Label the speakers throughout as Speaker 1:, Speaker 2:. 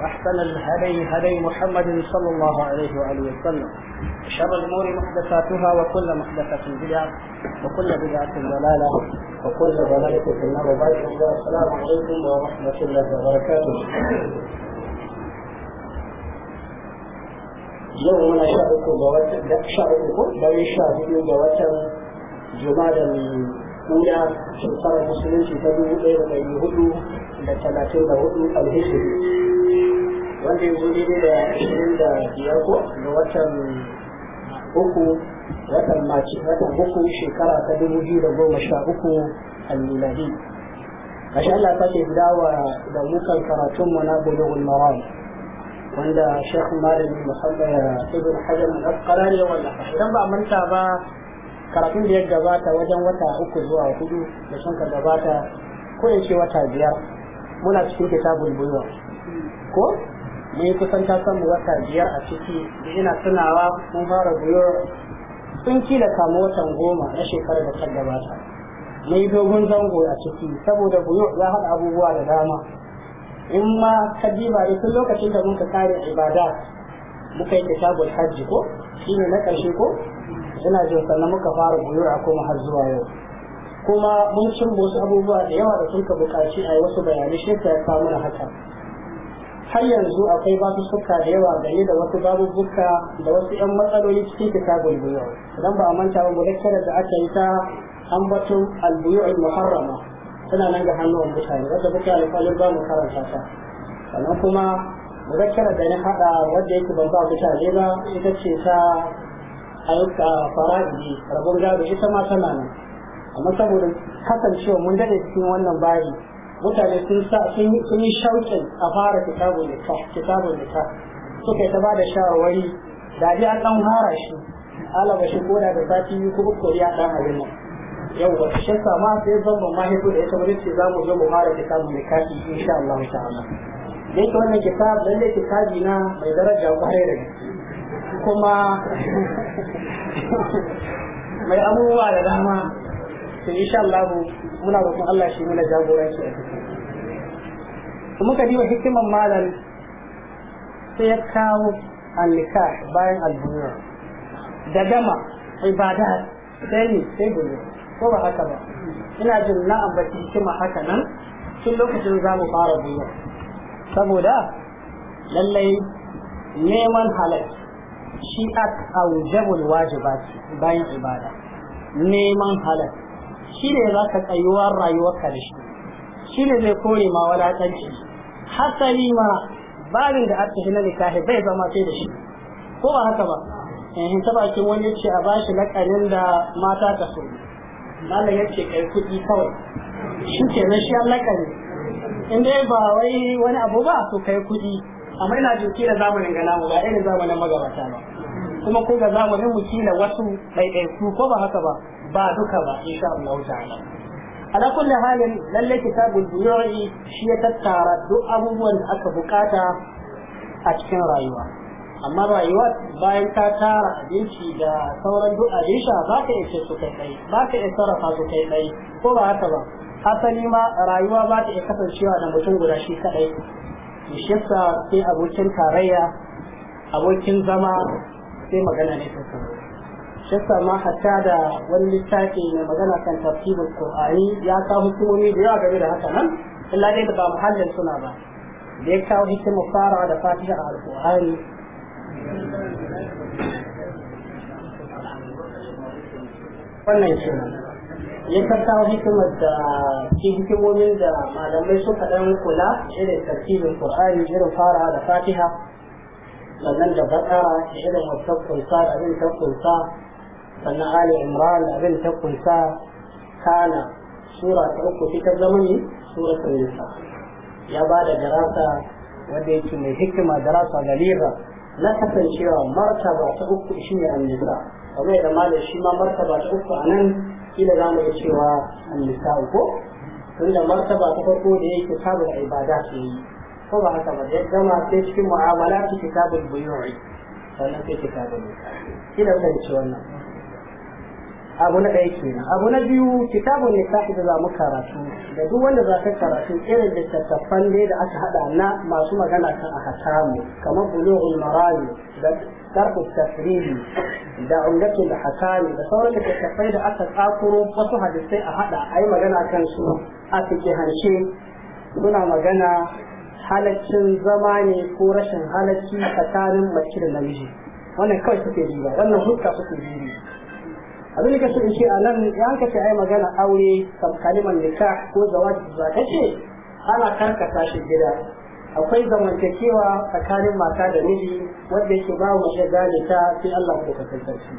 Speaker 1: وأحسن الهدي هدي محمد صلى الله عليه وآله وسلم شر الأمور محدثاتها وكل محدثة بدعة وكل بدعة ضلالة وكل ضلالة في النار السلام عليكم ورحمة الله وبركاته
Speaker 2: يوم نشاهدك بواتر شاركوا بل نشاهدك بواتر جمال الأولى شمسان المسلمين في تدوء إيه وإيه هدو لثلاثين هدو الهجري
Speaker 1: wanda ya zuri ne da ashirin da biyar ko ga watan uku watan maci watan uku shekara ta dubu biyu da goma sha uku al a sha Allah ta ke dawa da mukan karatun na bulughul maram wanda Sheikh Malami Muhammad Ibn Hajar al-Asqalani ya wallafa idan ba manta ba karatun da ya gabata wajen wata uku zuwa hudu da sun ka gabata ko in ce wata biyar muna cikin kitabul buyuwa ko mun kusan ta samu wata biyar a ciki da ina tunawa mun fara biyar sun kila kama watan goma na shekarar da ta gabata mun yi dogon zango a ciki saboda buyo ya haɗa abubuwa da dama in ma ka diba da tun lokacin da muka kare ibada muka yi kitabul hajji ko shi ne na ƙarshe ko ina jin sannan muka fara buyur a koma har zuwa yau kuma mun cin wasu abubuwa da yawa da sun ka buƙaci a yi wasu bayanai shi ya samu na haka har yanzu akwai suka da yawa game da wasu babu buka da wasu 'yan matsaloli cikin kitabul buyu idan ba a manta ba mulakkarar da aka yi ta ambaton al-buyu'ul muharrama tana nan ga hannuwan mutane wadda muka alƙalin ba mu karanta ta sannan kuma mulakkarar da ni haɗa wadda yake ban ba mutane ba ita ce ta ayyuka fara'idi rabon gado ita ma tana nan amma saboda kasancewa mun dade cikin wannan bayi mutane sun sa sun yi shauƙin a fara kitabun nikah kitabun ka suka ta ba da shawarwari da ji an ɗan fara shi alaba shi ko da da sati yi ko uku ya ɗan abin nan yau ba su sa ma sai zan ban ma hito da ita mun ce za mu zo mu fara kitabun nikah insha Allah ta'ala dai ta wannan kitab lalle kitabi na mai daraja kwarai da kuma mai abubuwa da dama to insha Allah muna roƙon Allah shi mana jagoranci a ciki to muka diba hikiman malam sai ya kawo alika bayan al-dunya da gama ibada sai ne sai dole ko ba haka ba ina jin na ambaci hikima haka nan tun lokacin za mu fara duniya saboda lallai neman halal shi a aujabul wajibat bayan ibada neman halal shi ne za ka tsayuwa ka da shi shi ne zai kore ma wadatanci hasali ma babin da aka shi na nikahi bai zama sai da shi ko ba haka ba eh, in ta bakin wani yace a bashi lakanin da mata ta so malam yace kai kuɗi kawai shi ke na shi lakani in dai ba wai wani abu ba su kai kuɗi amma ina jinki da zamanin ga namu ba irin zamanin magabata ba kuma ko ga zamanin mu kila wasu ɗaiɗaiku ko ba haka ba ba duka ba insha Allah ta'ala ala kulli halin lalle kitabul buyu'i shi ya tattara duk abubuwan da aka bukata a cikin rayuwa amma rayuwa bayan ta tara abinci da sauran duk abin sha ba ka iya su kai kai ba ka iya sarrafa su kai kai ko ba haka ba asali ma rayuwa ba ta iya kasancewa da mutum guda shi kadai to shi sai abokin tarayya abokin zama sai magana ne ta shi ma hatta da wani littafi mai magana kan tartibul qur'ani ya kawo hukumomi da yawa game da haka nan illa dai da ba muhallin suna ba da ya kawo hikimar fara da fatiha a alqur'ani
Speaker 3: wannan shi ya
Speaker 1: kawo hikimar da ke hikimomin da malamai suka ɗan kula irin tartibul qur'ani irin fara da fatiha sannan da bakara da irin wasan kunsa da abin ta kunsa sannan ali imran abin ta kunsa kana sura ta uku sai ta zama ne sura ta nisa ya ba da darasa wanda yake mai hikima darasa galira na kasancewa martaba ta uku shi ne annisa kamar da malam shi ma martaba ta uku a nan kila za mu iya cewa annisa ko da martaba ta farko da yake kitabul ibada ke yi ko ba haka ba ya gama sai cikin mu'amala ta kitabul buyu'i sannan sai kitabul nisa kila san ci wannan abu na ɗaya ke abu na biyu kitabun lissafi da za mu karatu da duk wanda za ka karatu irin littattafan ne da aka haɗa na masu magana kan ahkamu kamar bulughul marami da tarku tafriri da umdatul hakami da sauran littattafai da aka tsakuro wasu hadisai a haɗa a yi magana kan su a fikihance suna magana halaccin zama ne ko rashin halacci tsakanin mace da namiji wannan kawai suke ji wannan hukka suke ji abin da ka so in ce a nan ya ka ce ai magana aure kalimar nikah ko zawaji ba ta ce ana karkata shi gida akwai zamantakewa tsakanin mata da miji wanda yake ba mu shi dalita sai Allah ko ka tantance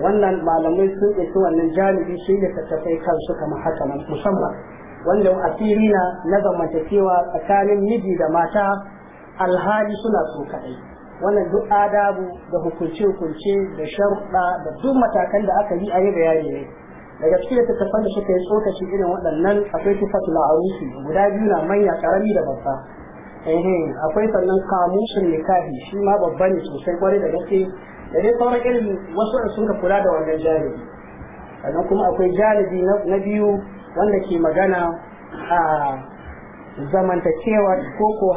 Speaker 1: wannan malamai sun ɗauki wannan janibi shi ne tattafai kansu kamar haka musamman wanda asiri na na zamantakewa tsakanin miji da mata alhali suna so kaɗai wannan duk adabu da hukunce-hukunce da sharuɗa da duk matakan da aka yi a yi bayani ne daga cikin littattafan da suka yi tsokaci irin waɗannan akwai tufat ma'arufi guda biyu na manya ƙarami da babba akwai sannan kamushin nikahi shi ma babba ne sosai kwarai da gaske da dai sauran irin wasu sun kula da wannan jalibi sannan kuma akwai jalibi na biyu wanda ke magana a zamantakewa ko ko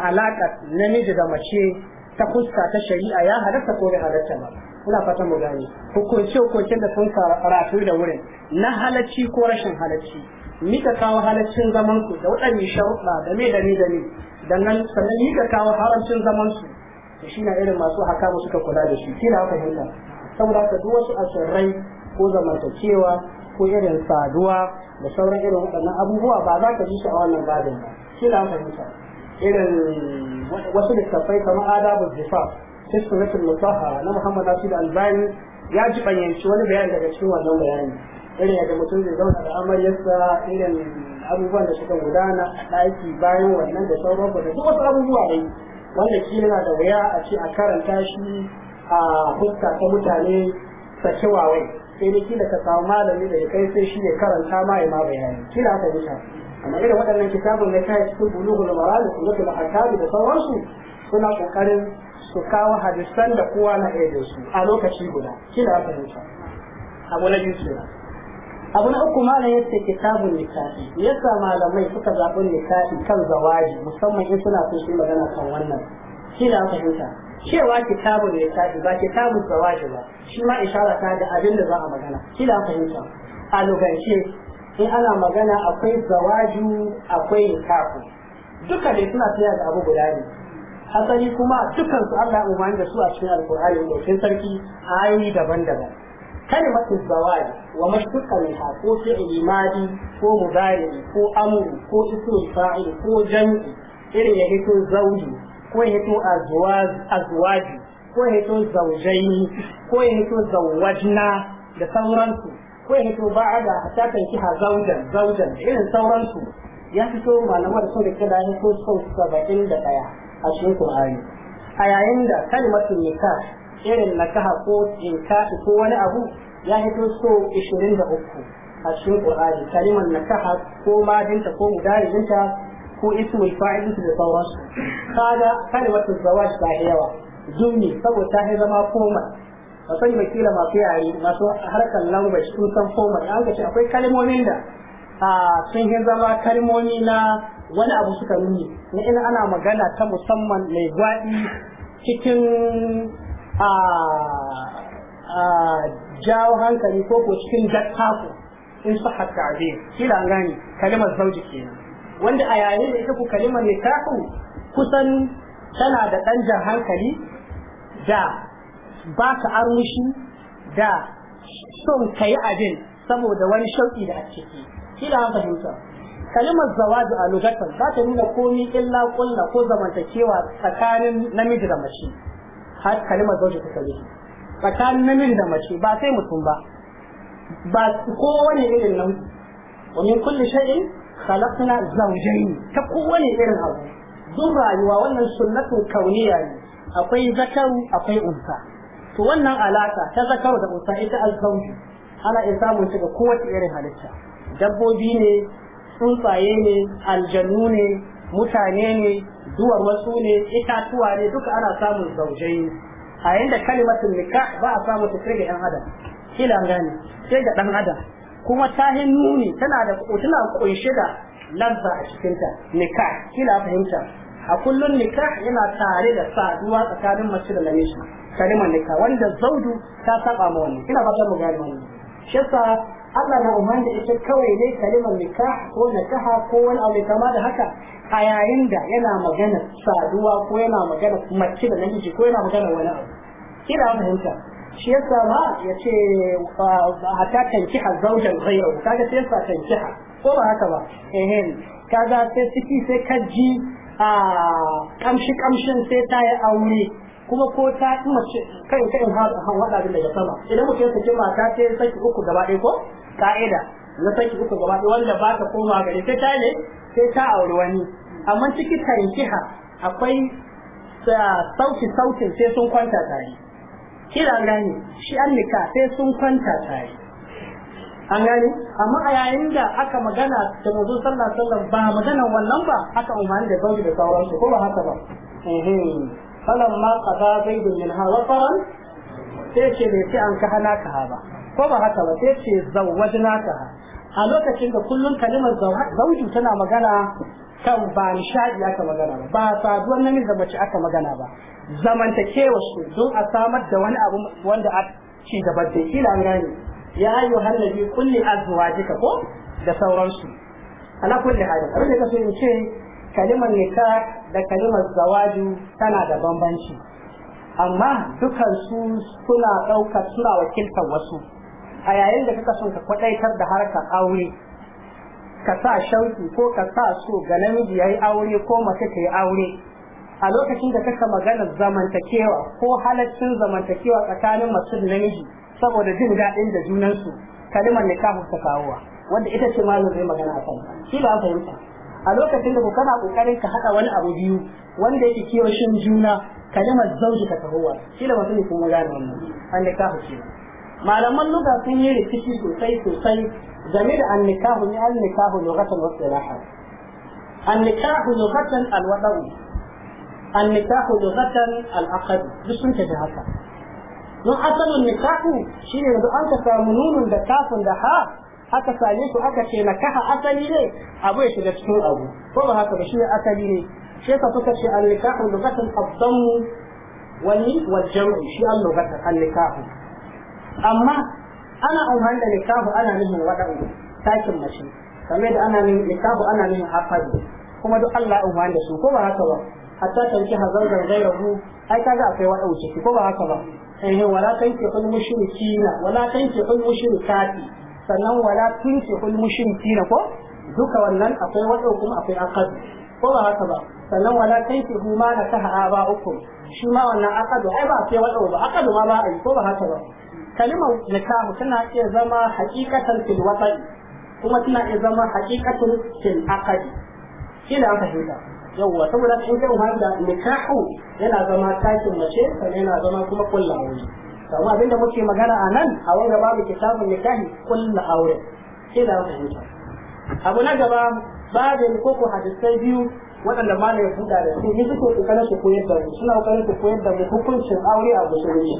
Speaker 1: alaƙar namiji da mace ta fuska ta shari'a ya halatta ko bai halatta ba ina fata mu gane hukunci hukuncen da sun karatu da wurin na halacci ko rashin halacci mika kawo halaccin zaman ku da waɗanne sharuɗa da me da me da me dan nan sannan mika kawo halaccin zaman su to shi na irin masu haka ba suka kula da shi kina haka hinna saboda haka duk wasu asirrai ko zamantakewa ko irin saduwa da sauran irin waɗannan abubuwa ba za ka ji shi a wannan babin ba kina haka irin wasu littattafai kamar adabu zifa rikin mutaha na Muhammad Nasir Albani ya ji banyanci wani bayani daga cikin wannan bayani irin yadda mutum zai zauna da amaryarsa irin abubuwan da suka gudana a ɗaki bayan wannan da sauran da duk wasu abubuwa ne wanda kila yana da wuya a ce a karanta shi a fuska ta mutane sake wawai sai dai kila ka samu malami da ya kai sai shi ne karanta ma ya ma bayani kila aka shafi kamar yadda waɗannan kitabun na kai cikin na mara da kuma ahkam da sauransu suna ƙoƙarin su kawo hadisan da kowa na iya su a lokaci guda kina fahimta abu na biyu kenan abu na uku malam ya ce kitabun nikahi yasa malamai suka zaɓi nikahi kan zawaji musamman in suna so su magana kan wannan shi da fahimta cewa kitabun nikahi ba kitabun zawaji ba shi ma ishara da abin da za a magana shi da fahimta a lokaci in ana magana akwai zawaju akwai nikahu duka ne suna tsaya da abu guda ne asali kuma dukan su Allah umarni da su a cikin alkur'ani da cikin sarki ayoyi daban-daban kalimatu zawaji wa mashtuqa ha ko fi'li madi ko mudari ko amru ko ismu fa'il ko jam'i irin ya hito zawji ko ya hito azwaji ko ya hito zawjaini ko ya hito zawajna da sauransu kai ya hito ba da ta kan kiha zaujan zaujan irin sauransu ya fito malamar da suka kira ya ko sau saba'in da ɗaya a cikin Qur'ani a yayin da kalmatu nika irin nakaha ko inkahi ko wani abu ya fito so 23 a cikin Qur'ani kalimar nakaha ko madinta ko mudarijinta ko ismul fa'il da sauransu Kada kalmatu zawaj ta yawa zummi saboda ta zama koma ka sani makila masu yare masu harkar language sun san format an ka akwai kalmomin da sun yi zama kalmomi na wani abu suka nuni na ina ana magana ta musamman mai gwaɗi cikin jawo hankali ko ko cikin dattaku in su haka abin kila gani kalimar zauji kenan wanda a yayin da ita ku kalimar ne ku kusan tana da ɗan jan hankali da ba ka armushi da son ka yi abin saboda wani shauƙi da a ciki kila an fahimta kalimar zawaju a lokacin ba ta nuna komi illa kulla ko zamantakewa tsakanin namiji da mace har kalimar zawaju ta kalli tsakanin namiji da mace ba sai mutum ba ba kowane irin namiji wa min kulli shay'in khalaqna zawjayn ta kowane irin abu duk rayuwa wannan sunnatu kauniya ne akwai zakaru akwai unsa to wannan alaka ta zakar da unsa ita alzauji ana iya samun shi ga kowace irin halitta dabbobi ne tsuntsaye ne aljanu ne mutane ne duwar wasu ne itatuwa ne duka ana samun zaujai a yanda kalimatun nika ba a samu ta ga yan adam kila gane sai ga dan adam kuma ta nuni tana da tana kunshe da lazza a cikinta nika kila fahimta a kullum nika yana tare da saduwa tsakanin mace da namiji kalimar nika wanda zaudu ta saba ma wannan ina fatan mu gane wannan shi yasa Allah na umar da ita kawai ne kalimar Nika ko nikaha ko wani abu kama da haka a yayin da yana magana saduwa ko yana magana mace da namiji ko yana magana wani abu kina fahimta shi yasa ma ya ce hatta tankiha zaujan ghayrahu kaga sai yasa tankiha ko ba haka ba eh kaga sai ciki sai kaji a ah, kamshi kamshin sai ta yi aure kuma ko ta yi mace kai kai in hada da daga sama idan muke ya saki mata ta yi uku gaba ɗaya ko ka'ida na sai uku gaba ɗaya wanda ba ta koma gare sai ta ne sai ta auri wani amma ciki tankiha akwai sauti sautin sai sun kwanta tare kira gani shi an nika sai sun kwanta tare an gani amma a yayin da aka magana da mazo sallah sallah ba magana wannan ba aka umarni da sauki da sauransu ko ba haka ba falamma qada zaidun minha wasaran sai ce bai ce an kahana ka ba ko ba haka ba sai ce zawwajna ka a lokacin da kullum kalimar zauju tana magana kan ba nishadi aka magana ba ba saduwar namiji da mace aka magana ba zamantakewa su don a samar da wani abu wanda a ci gaba da kila gani ya ayyu hannabi kulli azwajika ko da sauransu ala kulli hal abin da kace in ce kalimar nikah da kalimar zawadu tana da bambanci amma dukansu suna ɗaukar suna wakiltar wasu a yayin da kuka son ka kwadaitar da harkar aure ka sa shauki ko ka sa so ga namiji ya yi aure ko mace ta yi aure a lokacin da kaka magana zamantakewa ko halaccin zamantakewa tsakanin masu da namiji saboda jin daɗin da junansu kalimar nikahu ta kawowa wanda ita ce malam zai magana a shi ba fahimta a lokacin da kana kokarin ka haɗa wani abu biyu wanda yake kewashin juna kalimar zauji ka tahowa shi da mutum kuma gane wannan an da kafa ce malaman lugha sun yi rikici sosai sosai game da annikahu ne annikahu lughatan wa istilahan annikahu lughatan alwadau annikahu lughatan alaqad duk sun tafi haka don asalin nikahu shine yanzu an ka samu nunun da kafin da ha aka same su aka ce na kaha asali ne abu ya shiga cikin abu ko ba haka ba shi ne asali ne shi ka suka ce an nikahu lugatan abdamu wani wajen shi an lugatan an nikahu amma ana amfani da nikahu ana nufin waɗanda takin mace kamar da ana nufin nikahu ana nufin hafazi kuma duk Allah ya amfani da su ko ba haka ba hatta tanki hazangar gairahu ai kaga akwai waɗanda ciki ko ba haka ba eh wala kan tanki hul mushrikina wala kan tanki hul mushrikati sannan wala tun tunkihul mushrikina ko duka wannan akwai wato kuma akwai aqad ko ba haka ba sannan wala tun tankihu ma ba uku, shi ma wannan aqad ai ba sai wato ba aqad ma ba ai ko ba haka ba kalimar nikahu tana iya zama hakikatan fil watan kuma tana iya zama haqiqatan fil aqad kila an fahimta yawwa saboda in kai wanda nikahu yana zama takin mace sannan yana zama kuma kullawoyi kuma abin da muke magana a nan a wanda babu kitabun nikahi kullu aure sai da fahimta abu na gaba babin koko hadisai biyu waɗanda ma ya buɗa da su ni suke kokarin su koyar da mu suna kokarin su koyar da mu hukuncin aure a musulunci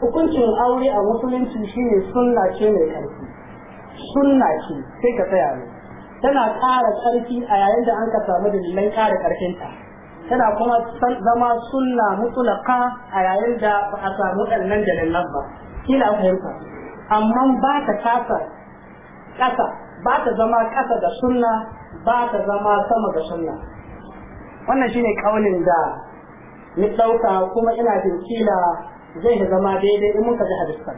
Speaker 1: hukuncin aure a musulunci shine sunna ce mai ƙarfi sunna ce sai ka tsaya ne tana ƙara ƙarfi a yayin da an ka samu dalilan ƙara ƙarfinta tana kuma zama sunna mutulaka a yayin da ba a samu da nan ba kila fahimta amma ba ta kasa ƙasa ba ta zama ƙasa da sunna ba ta zama sama da sunna wannan shine ƙaunin da ni ɗauka kuma ina jin kila zai da zama daidai in muka ji hadisan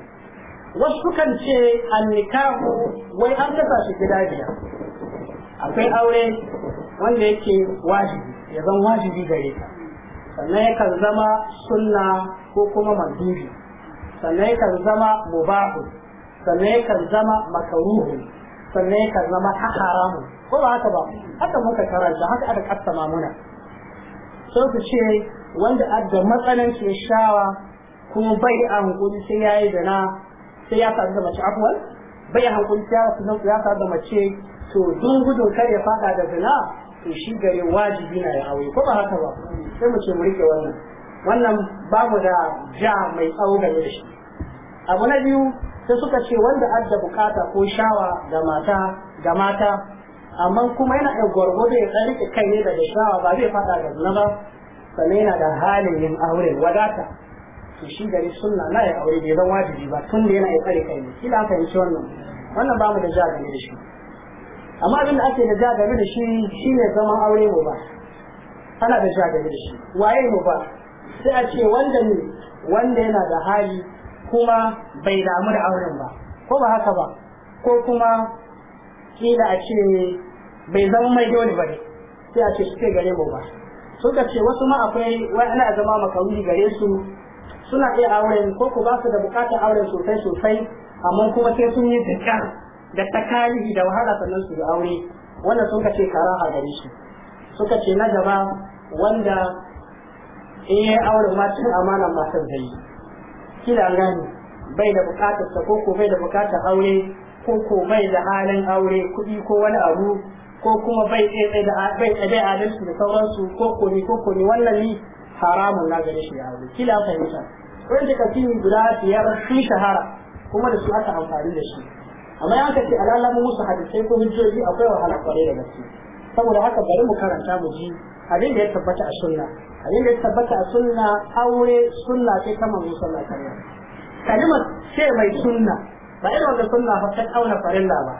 Speaker 1: wasu kan ce annikahu wai an kasa shi gida biyar akwai aure wanda yake wajibi ya zan wajibi gare ka sannan yakan zama sunna ko kuma mandubi sannan yakan zama mubahu sannan yakan zama makaruhu sannan yakan zama haramu ko ba haka ba haka muka karanta haka aka kassama muna sai su ce wanda adda matsanancin shawa kuma bai a hankuli sai ya yi zina sai ya sadu da mace afuwar bai a hankuli sai ya sadu da mace to dun gudun kar ya fada da zina to shi gare wajibi na ya aure ko ba haka ba sai mu ce mu rike wannan wannan babu da ja mai tsawo game da shi abu na biyu sai suka ce wanda adda bukata ko shawa ga mata ga mata amma kuma yana da gwargwado ya tsari kai ne daga shawa ba zai fada da zuna ba sannan yana da halin yin aure wadata to shi gare sunna na ya aure bai zan wajibi ba tun da yana ya tsare kai ne da kila fahimci wannan wannan bamu da ja game da shi amma abin da ake da ja game da shi shine zama aure mu ba ana da ja game da shi waye mu ba sai a ce wanda ne wanda yana da hali kuma bai damu da auren ba ko ba haka ba ko kuma kila a ce bai zama mai dole ba ne sai a ce suke gare mu ba suka ce wasu ma akwai wani ana zama makaruri gare su suna iya auren ko ku ba su da bukatar auren sosai sosai amma kuma sai sun yi da da kari da wahala sannan su aure wanda sun ce karaha gare shi suka ce na gaba wanda in yi aure matan amana masu zai kila gani bai da bukatar ta ko bai da bukatar aure ko ko bai da halin aure kuɗi ko wani abu ko kuma bai tsaye da bai tsaye adalci da sauransu ko ko ni ko ko ni wannan ni haramun na gare shi aure kila fahimta wanda kafin guda biyar sun shahara kuma da su aka amfani da shi amma ya ce alalamu musu hadisai ko hujjoji akwai wahala kwarai da gaske saboda haka bari mu karanta mu ji abin da ya tabbata a sunna abin da ya tabbata a sunna aure sunna sai ta manzo sallallahu alaihi wasallam kalimar ce mai sunna ba irin wanda sunna ba ta kauna farilla ba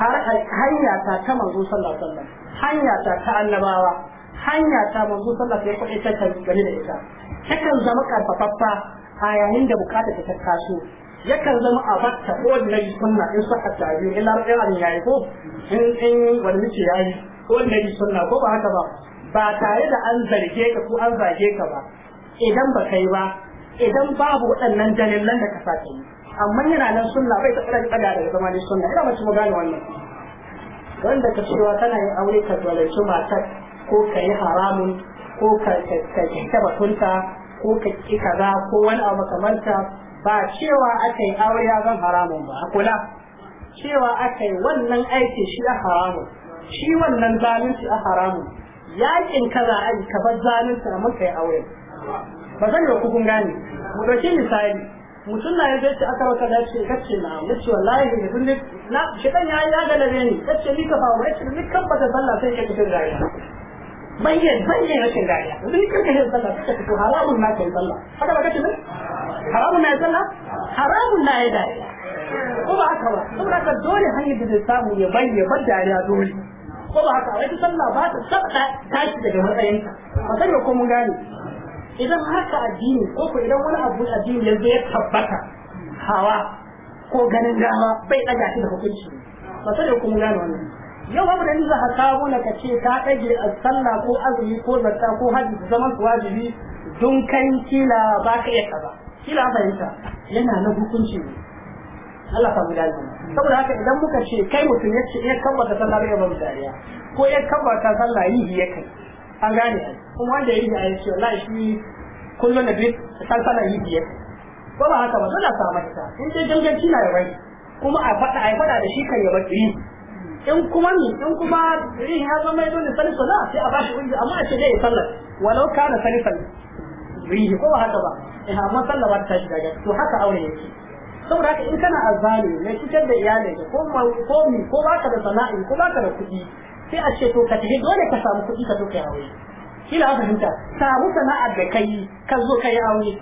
Speaker 1: har hanya ta ta manzo sallallahu alaihi wasallam hanya ta ta annabawa hanya ta manzo sallallahu alaihi wasallam ya kuɗe ta gani da ita takan zama karfafaffa a yayin da bukatar ta taso yakan zama a bakka ko na yi sunna in suka tabi in lar iran yayi ko in in wani mice yayi ko na yi sunna ko ba haka ba ba tare da an zarge ka ko an zage ka ba idan ba kai ba idan babu waɗannan dalilan da ka sake yi amma yana nan sunna bai taɓa da kada daga zama ne sunna ina mace mu gane wannan wanda ka cewa tana yin aure ka zalunci matar ko ka yi haramun ko ka ka ka batunta ko ka ki kaza ko wani abu makamanta ba cewa aka yi aure ya zan haramun ba a kula cewa aka yi wannan aikin shi a haramun shi wannan zalunci a haramun yakin kaza a yi kafa zalunci a muka yi aure ba zan yi kun gane mu ɗauki misali mutum na yanzu yace aka rauta dace kace na yace wallahi ne kun na shi dan ya ya galabe ni ce ni ka fa wai ni kan ba ta sallah sai ka tafi da rayuwa bayyan bayyan rashin gariya yanzu ni kanka yin sallah suka fito haramun na kai sallah haka ba kace ne haramun na ya sallah haramun na ya dariya ko ba haka ba saboda haka dole hanyar da zai samu ya bayyana ban dariya dole ko ba haka wani sallah ba ta sabta tashi daga matsayinka ba sai ko mun gane idan haka addini ko ko idan wani abu addini yanzu ya tabbata hawa ko ganin dama bai daga shi da hukunci ba sai ko mun gane wannan yau babu da za a kawo na ka ce ka ɗage a sallah ko azumi ko zakka ko hajji su zama su wajibi don kai kila ba ka iya kaza kila fahimta yana na hukunci ne Allah samu dace saboda haka idan muka ce kai mutum yace ya kabbata sallah bai ba dariya ko ya kabbata sallah yi ya kai an gane kuma wanda yi a yace wallahi shi kullun da duk sallah yi ya ko ba haka ba dole a samu ta in dai ganganci na yawa kuma a faɗa a faɗa da shi kan yaba tsiri in kuma ni in kuma rin ya zama yadda salisa na sai a bashi shi wuri amma a ce zai sallar walau kana salifan rihi ko haka ba eh amma sallar ba ta shiga to haka aure yake saboda haka in kana azali ne cutar da iyalai ko ko mi ko baka da sana'i ko baka da kuɗi sai a ce to ka tafi dole ka samu kuɗi ka zo kai aure kila aka fahimta samu sana'a da kai ka zo kai aure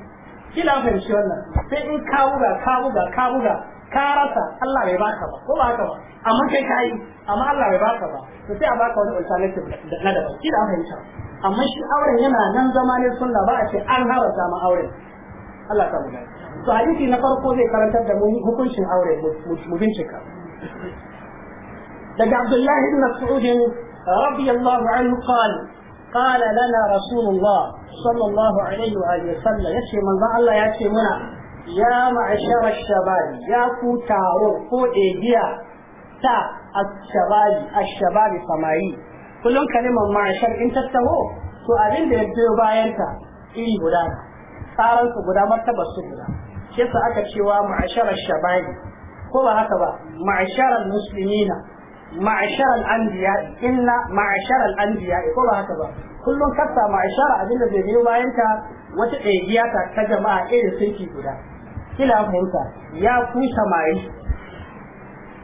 Speaker 1: kila aka fahimci wannan sai in ka buga ka buga ka buga ka rasa Allah bai baka ba ko ba haka ba amma kai ka yi amma Allah bai baka ba to sai a baka wani alternative na daban shi da an fahimta amma shi auren yana nan zama ne sunna ba a ce an harasa ma auren Allah ta mu to hadisi na farko zai karantar da mu hukuncin aure mu bincika daga Abdullahi ibn Mas'ud radiyallahu anhu qala قال لنا رسول الله صلى الله عليه وآله وسلم يشي Allah الله يشي منا ya ma'ashara shabari ya ku taro ko ɗegiya ta a ashabari samari kullum kalimar ma'ashar in ta taho to abin da ya biyo bayanta iri guda tsaransu guda martaba su guda shi yasa aka cewa ma'asharar shabari ko ba haka ba ma'asharar musulmina, ma'asharar anbiya inna ma'asharar anbiya ko ba haka ba kullum ka samu ishara abin da zai biyo bayan ta wata ɗaya ta ta jama'a irin sulki guda kila fahimta ya ku samari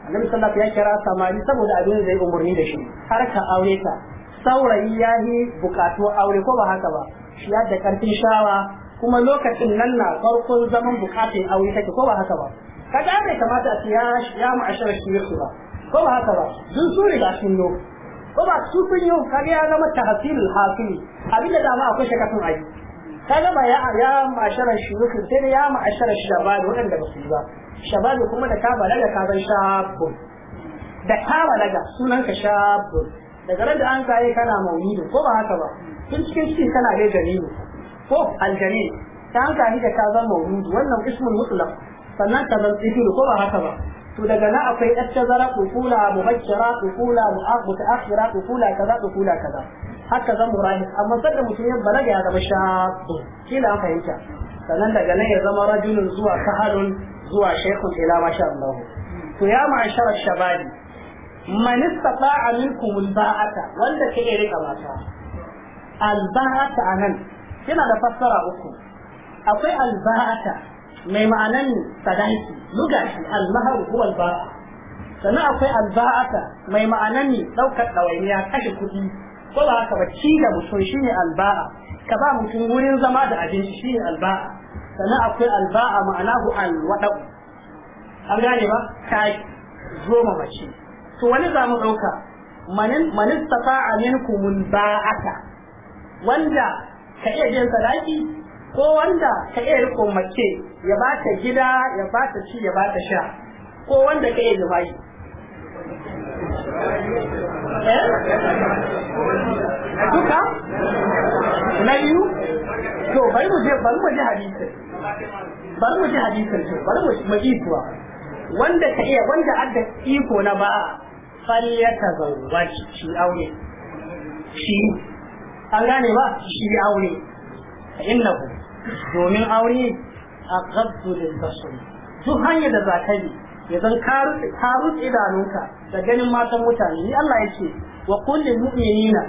Speaker 1: annabi sallallahu ya kira samari saboda abin da zai umarni da shi har ka aure ta saurayi ya yi bukatu aure ko ba haka ba shi da karfin shawa kuma lokacin nan na farkon zaman bukatun aure take ko ba haka ba kaga bai kamata a ce ya ya shi ba ko ba haka ba dun su riga sun yo ko ba su sun yi kage ya zama tahsilul hasili abin da dama akwai shakatun ayi kaga ba ya ya ma'ashara shurukin sai da ya ma'ashara shabab waɗanda ba su yi ba shabab kuma da ka balaga ka bar shabun da ka balaga sunan ka shabun daga ran da an kai kana maulidi ko ba haka ba tun cikin cikin kana da jami'i ko aljami'i ta an kai da ka zama maulidi wannan ismul mutlaq sannan ka zama tsifiru ko ba haka ba to daga nan akwai ɗan tazara kufula mubashshara kufula mutaakhira kufula kaza kufula kaza haka zan murahi amma sanda mutum ya balaga ya zama shi kila an fahimta sannan daga nan ya zama rajulun zuwa kahalun zuwa shaykhun ila masha Allah to ya ma'ashara shababi man istata'a minkum alba'ata wanda ke rika mata alba'ata anan yana da fassara uku akwai alba'ata mai ma'anan sadaki luga shi almahar huwa alba'a sannan akwai alba'ata mai ma'anan ne daukar ɗawainiya kashe kuɗi ko ba haka ba ci da mutum shi ne alba'a ka ba mutum wurin zama da abinci shi ne alba'a sannan akwai alba'a ma'anahu alwadau an gane ba kai goma mace to wani za mu ɗauka manistata a minkumul ba'ata wanda ka iya jin sadaki ko wanda ka iya riko mace ya ba ta gida ya ba ta ci ya ba ta sha ko wanda ka iya jima'i
Speaker 3: eh? duka na biyu to bari mu je bari
Speaker 1: mu je hadisi bari mu je hadisi to bari mu mu ikuwa wanda ka iya wanda adda iko na ba'a falyata zawwaji shi aure shi an gane ba shi aure innahu domin aure a gabdu da tashin duk hanyar da za ka yi ya zan ka rutse idanunka da ganin matan mutane ni Allah ya ce wa kullin mu'minina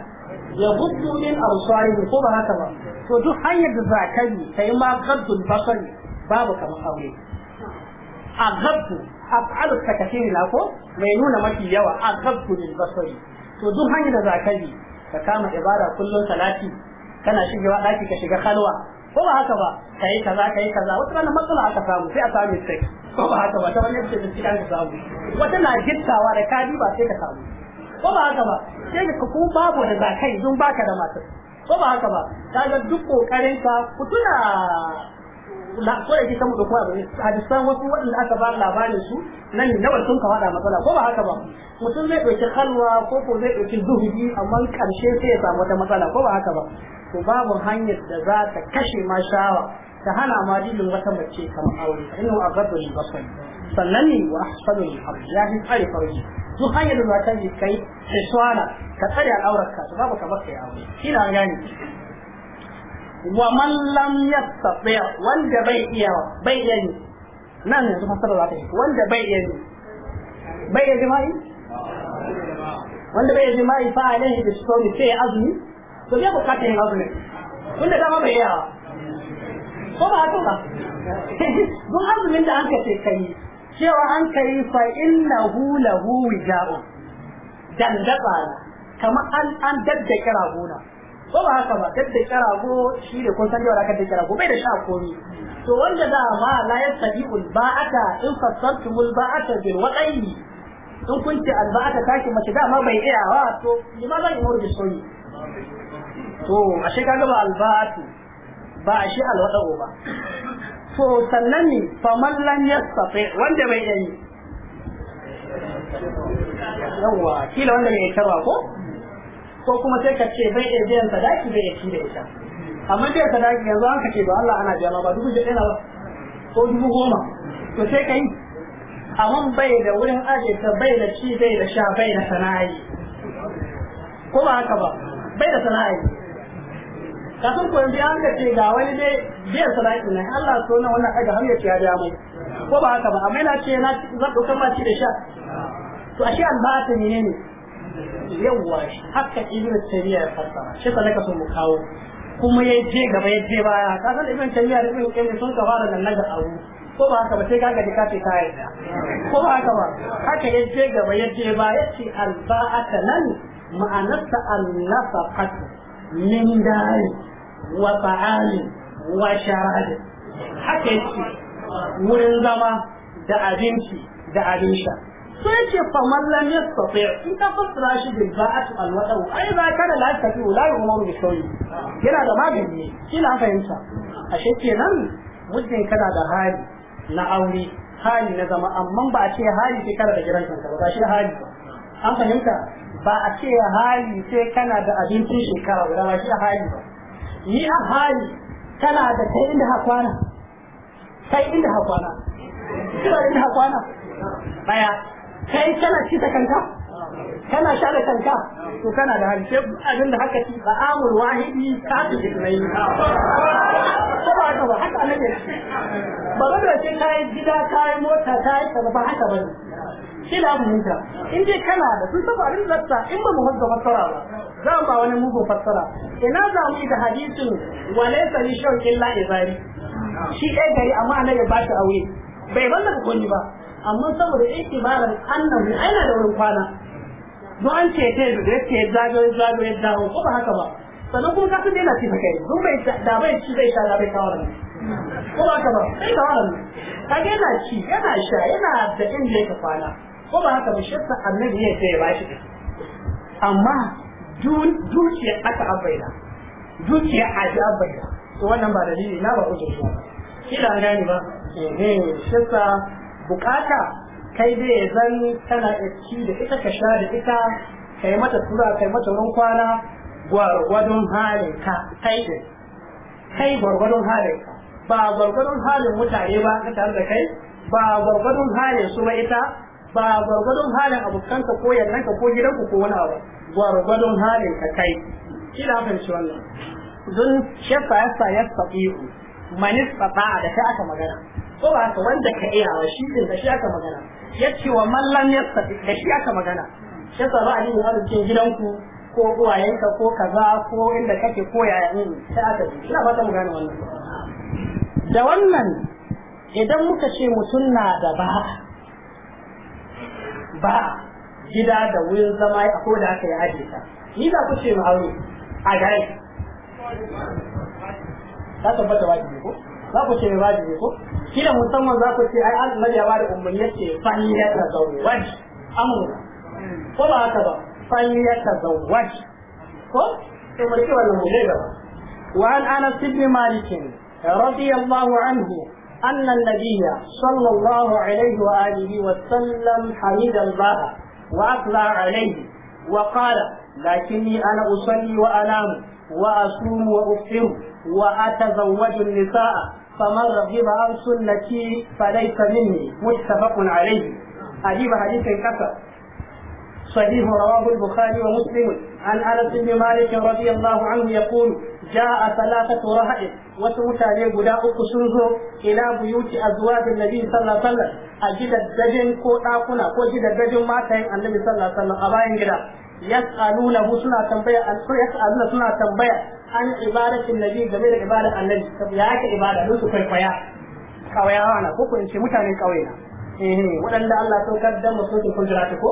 Speaker 1: ya guddu min absarihim ko ba haka ba to duk hanyar da za ka yi kai ma gabdu basari babu kamar aure a gabdu ta takafiri na ko mai nuna mafi yawa a gabdu da basari to duk hanyar da za ka yi ka kama ibada kullun salati kana shigewa daki ka shiga kalwa ko ba haka ba kai kaza kai kaza wata ranar matsala aka samu sai a samu sai ko ba haka ba ta wani ce da cikin samu wata na gittawa da kadi ba sai ka samu ko ba haka ba sai ka ku babu da zakai dun baka da matar ko ba haka ba kaga duk kokarin ka ku tuna ko da kika mu dauko a hadisan wasu waɗanda aka ba labarin su na nan na wasu ka fada matsala ko ba haka ba mutum zai ɗauki halwa ko ko zai dauki zuhudi amma ƙarshe sai ya samu wata matsala ko ba haka ba to babu hanyar da za ta kashe ma shawa ta hana ma dilin wata mace kamar aure inna aqaddu al-basar sannan ne wa ahsanu al-habl ya tsare farji duk hanyar da za ta yi kai sai swana ka tsare al'aurarka to babu kamar kai aure na gane. wa man lam yastati wanda bai iya bai iya ni nan ne fasara za ta yi wanda bai iya ni bai iya jima'i wanda bai iya jima'i fa alaihi bi sawmi sai azumi to bai bukata yin azumi tunda dama bai iya ko ba haka ba duk azumin da an ka ce kai cewa an kai fa innahu lahu wija'u dandaba kamar an an daddake ragona ba ba haka ba kadda kira go shi da kun san yawar kadda kira go bai da sha komi to wanda da ma la yastabiul ba'ata in fassartumul ba'ata bil waqi in kun ce al ba'ata tashi mace da ma bai iya wa to zan yi murji soyi to ashe kaga ba al ba'atu ba ashe al wada'u ba to sannan ne faman lan yastafi wanda bai iya yi
Speaker 3: yawa kila wanda bai
Speaker 1: iya ko ko kuma sai ka ce bai iya biyan sadaki bai iya da ita amma biyan sadaki yanzu an ka ce ba Allah ana biya ma ba dubu ɗaya ba ko dubu goma to sai ka yi amma bai da wurin aje ta bai da ci bai da sha bai da sana'i ko ba haka ba bai da sana'i Kafin san ko yanzu an ka ce ga wani dai biyan sana'i ne Allah so na wannan aga har ya ci ya biya mai ko ba haka ba amma yana ce na zan ɗaukar ma ci da sha to ashe albata ne ne yawa haka ibn taymiya ya fassara shi ka naka mu kawo kuma ya je gaba ya je baya ka san ibn tariya da ibn qayyim sun ka fara nan daga abu ko ba haka ba sai gaji ka ce ta yarda ko ba haka ba haka ya je gaba ya je baya ce alba'ata nan ma'anarsa annafaqat min dari wa ta'ali wa sharad haka yake wurin zama da abinci da abin sha Sai ce fa mallan ya tafi in ka fassara shi bil ba'atu al wadau ai ba kana la tafi la yumaru bi shawyi yana da magani Kina fahimta ashe kenan muddin kana da hali na aure hali na zama amma ba a ce hali sai kana da gidan kanka ba shi hali an fahimta ba a ce hali sai kana da abincin shekara guda ba shi da hali ba ni a hali kana da kai inda hakwana kai inda hakwana kai inda hakwana daya kai kana ci da kanka kana sha da kanka to kana da hali sai abin da haka ci ba amul wahidi ka ci ismai ko ba haka ba haka annabi ba ba da ce kai gida kai mota kai kaza ba haka ba shi da abinta in dai kana da sun saba abin zatta in ba mu hujja fassara ba za mu ba wani mugun fassara ina za mu yi da hadisin walaysa li shawqin la izari shi ɗaya gari amma annabi ba shi aure bai ban da kunni ba amma saboda yake malam annabi aina da wurin kwana don an ce ta da yake ya zago ya zago ya dawo ko ba haka ba sannan kuma kasan yana ci kai don bai da bai ci zai sha da bai kawo ko ba haka ba sai da wannan kage yana ci yana sha yana da inda yake kwana ko ba haka ba shi annabi ya ce ya bashi amma dukiya aka dukiya a aji abaida to wannan ba dalili na ba kuje shi kila an gani ba eh ta eh, bukata kai dai ya zan tana ci da ita ka sha da ita kai mata tura kai mata wurin kwana gwargwadon halin ka kai ne kai gwargwadon halin ka ba gwargwadon halin mutane ba ka tare da kai ba gwargwadon halin su ba ita ba gwargwadon halin abokanka ko yannanka ko gidanku ko wani abu gwargwadon halin ka kai ina ci wannan don shafa ya yasa ihu manis fata da ta aka magana ko ba ka wanda ka iya wa shi din da shi aka magana yace wa mallan yasta da shi aka magana shi yasa ba a yi wani cikin gidanku ko uwayenka ko kaza ko inda kake ko yaya ne sai aka yi ina fata mu gane wannan da wannan idan muka ce mutum na da ba ba gida da wurin zama a ko da aka yi aje ta ni za ku ce mu aure a gare ta tabbata wajibi ko za ku ce wajibi ko da musamman za ku ce ai Allah ya bada umarni yace fanni ya tazawwaj amru ko ba haka ba fanni ya tazawwaj ko to mai kiwa da mulai ba wa an anas ibn malik radiyallahu anhu أن النبي صلى الله عليه وآله وسلم حمد الله وأطلع عليه وقال لكني أنا أصلي وأنام وأصوم وأفطر وأتزوج النساء فمن رغب عن سنتي فليس مني متفق عليه أجيب حديث كثر صحيح رواه البخاري ومسلم عن انس بن مالك رضي الله عنه يقول جاء ثلاثة رهط وسوتا لغدا أكسنه إلى بيوت أزواج النبي صلى الله عليه وسلم أجد الدجن كو تاكونا كو أجد الدجن ما النبي صلى الله عليه وسلم أباين جدا يسألونه سنة تنبيا يسألون سنة تنبيا an ibadatin nabi game da ibadar annabi ya ka ibada don su kwaikwaya kawayawa na ko ko ce mutanen kauye na waɗanda Allah saukar da musulun hujurati ko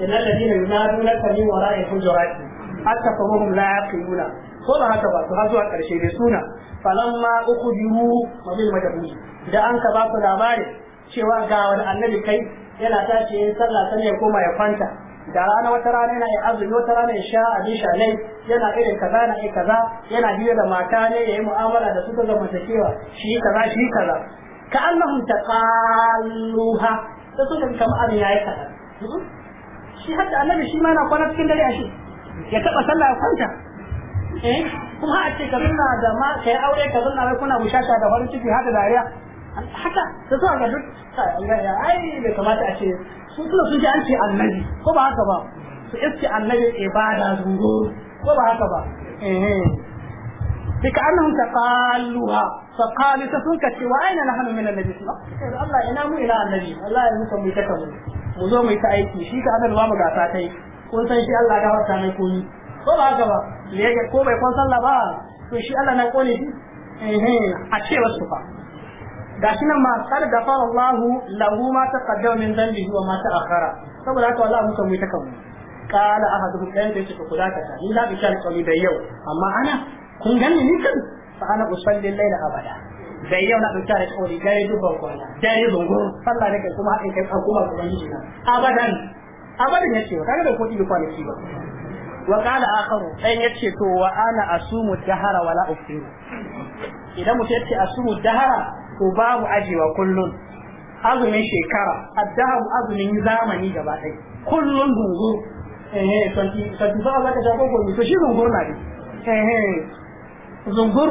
Speaker 1: innal ladina yunadunaka min wara'i hujurati hatta fahum la yaqiluna ko ba haka ba su har zuwa ƙarshe dai suna falamma biyu mabil majabus da an ka ba su labari cewa ga wani annabi kai yana tashi sallah sannan ya koma ya kwanta da rana wata rana yana yin azumi wata rana ya sha abin sha nai yana irin kaza na irin kaza yana biyo da mata ne ya yi mu'amala da su ta zamantakewa shi kaza shi kaza ka annahum taqalluha da suka ga kamar abin yi kaza hmm? shi hadda annabi shi ma yana kwana cikin dare a shi ya taɓa sallah ya kwanta eh? kuma a ce ka zunna da ma yi aure ka zunna mai kuna bushasha da farin ciki haka dariya haka da zuwa ga duk ai bai kamata a ce su suna sun ji an ce annabi ko ba haka ba su iske annabi ibada zungu, ko ba haka ba eh bika annahum taqalluha faqalu ta sun kace wa aina nahnu min annabi sallallahu Allah ina mu ina annabi Allah ya muka mu ta mu zo mu ta aiki shi ka annabi mu gasa kai kun san shi Allah ga wata mai koyi ko ba haka ba ko bai kon sallah ba to shi Allah na kone shi eh a ce wasu fa gashi nan ma kar Allah lahu ma min wa ma saboda haka mai kai da yake kula ta ni da bishar kali da yau amma ana kun ganni ni kan fa ana usalli abada da yau na dauka da gare duban kwana dare sallah kai kuma kai kuma kuma na abadan abadan yace ka da ko ibi kwanaki ba to babu ajewa kullum. azumin shekara addahu azumin zamani gaba ɗaya kullun dungu eh santi santi ba za ka ta gogo to shi zungur na eh zungur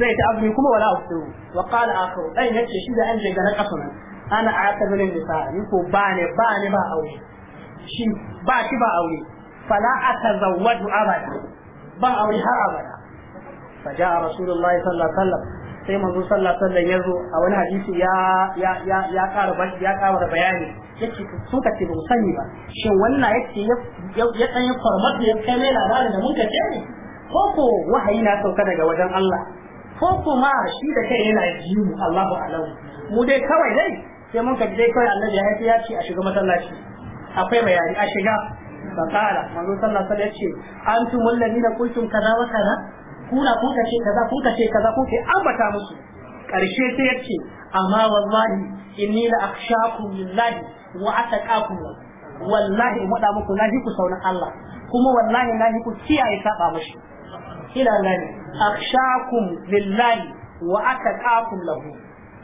Speaker 1: zai ta azumi kuma wala afsiru wa qala akhar dan yace shi da an je ga na kasuna ana aqabulin nisa ni ko ba ne ba ne ba aure shi ba shi ba aure fala atazawwaju abada ba aure har abada فجاء رسول الله صلى الله عليه وسلم sai manzo sallallahu alaihi wasallam ya zo a wani hadisi ya ya ya ya ƙara ya ƙara bayani yace su ka ce ba mu sani ba shin wannan yace ya ya dan yi farmaki ya kai mai labarin da mun ka ce ne ko ko wahayi na sauka daga wajen Allah ko ma shi da kai yana jiyu Allahu alam mu dai kawai dai sai mun ka dai kawai Allah ya haifi ya ce a shiga masallaci akwai bayani a shiga fakala manzo sallallahu alaihi wasallam ya ce antum alladina qultum kaza wa kaza kuna kuka ce kaza kuka ce kaza kuka ambata musu karshe sai ya ce amma wallahi inni la akshaku lillahi wa ataqaku wallahi in wada muku nahi ku sauna Allah kuma wallahi nahi ku kiyaye saba mashi ila lani akshaku lillahi wa ataqaku lahu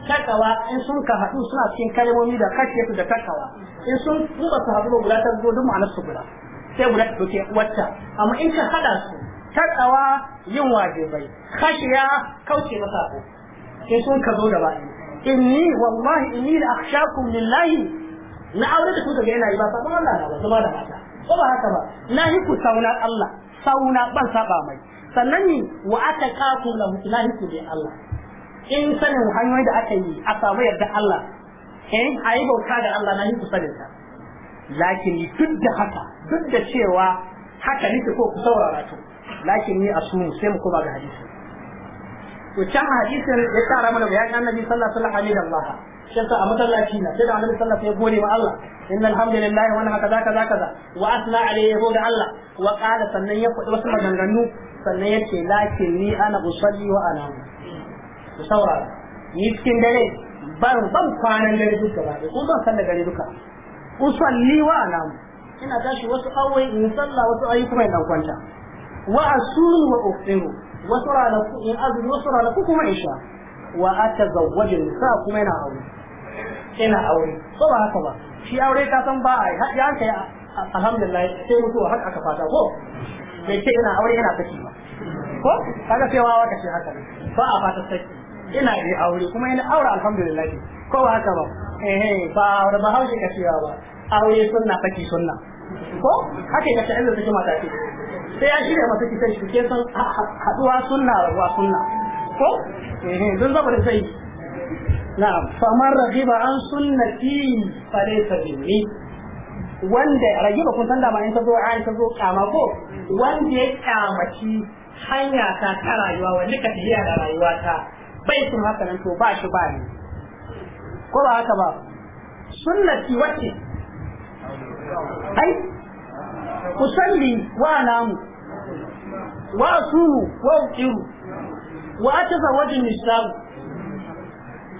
Speaker 1: takawa in sun ka haɗu suna cikin kalmomi da kace su da takawa in sun ba su ba guda ta zo duk ma'anar su guda sai guda ta doke wata amma in ka hada su takawa yin wajibai khashiya kauce masa ko sai sun ka zo da ba inni wallahi inni la akhshakum lillahi na aure da kuka ga yana yi ba sabon Allah na ba zama da mata ko ba haka ba na yi ku sauna Allah sauna ban saba mai sannan ni wa aka kafu la mutlahi ku bi Allah in sanin hanyoyi da aka yi a samu yarda Allah eh ayi bauta da Allah na yi ku sanin ta lakin duk da haka duk da cewa haka nake ko ku saurara to lakin ni asmu sai mu koma ga hadisi to can hadisin ya tara mana bayan annabi sallallahu alaihi wasallam hamidallah shi yasa a masallaci na sai da annabi sallallahu alaihi wasallam ya gode ma Allah innal hamdalillah wa anha kaza kaza kaza wa asna alaihi yabo da Allah wa qala sannan ya fadi wasu maganganu sannan ya ce lakin ni ana usalli wa ana ku saurara ni cikin dare ban ban kwanan dare duka ba ko ban san da dare duka usalli wa ana ina tashi wasu awai in sallah wasu ayyuka mai dan kwanta wa asum wa لكم wasu ranaku in azumi wasu النساء kuma in sha wa atazawwaju sa kuma yana aure ina aure ko ba haka ba shi aure ka san ba ya kai alhamdulillah sai aka fata ko aure yana ba ko kaga sai wawa kace haka ba a fata saki ina yi aure kuma ina aure alhamdulillah ko ba haka ba eh ba aure ba ba aure sunna sunna ko haka sai ya shirya masa kitan shi ke san haduwa sunna rabuwa sunna ko ehe don zaba da sai na famar ragiba an sunnati fa laysa minni wanda ragiba kun san da ma in ta zo ai ta zo kama ko wanda ya kamaci hanya ta ta rayuwa wanda ka tafiya da rayuwa ta bai sun haka nan to ba shi ba ne ko ba haka ba sunnati wacce
Speaker 3: ai usalli
Speaker 1: wa anamu wa asumu wa uqiru wa wajen nisaa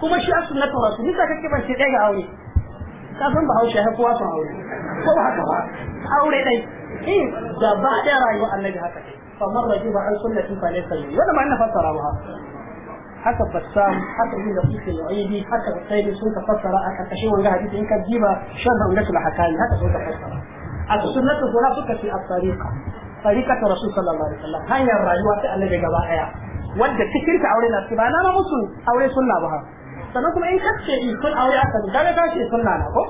Speaker 1: kuma shi as-sunnatu rasul nisa kake ban shi dai ga aure ka san ba haushe ha kowa san aure ko ba haka ba aure dai eh da ba da rayuwar annabi haka fa man rajiba an sunnati fa laysa li wanda ma anna fassara ba haka bassam haka yin da suke yu'idi haka sai sun ka fassara a karkashin wannan hadisi in ka jiba shan da ulatul hakani haka sun ka fassara as-sunnatu gura suka ce as-sariqa sariqatu rasul sallallahu alaihi hanyar rayuwa ta annabi gaba daya wanda cikin ta aure na ci ba na ma musu aure sunna ba sannan kuma in kace in kun aure aka da ga kace sunna na ko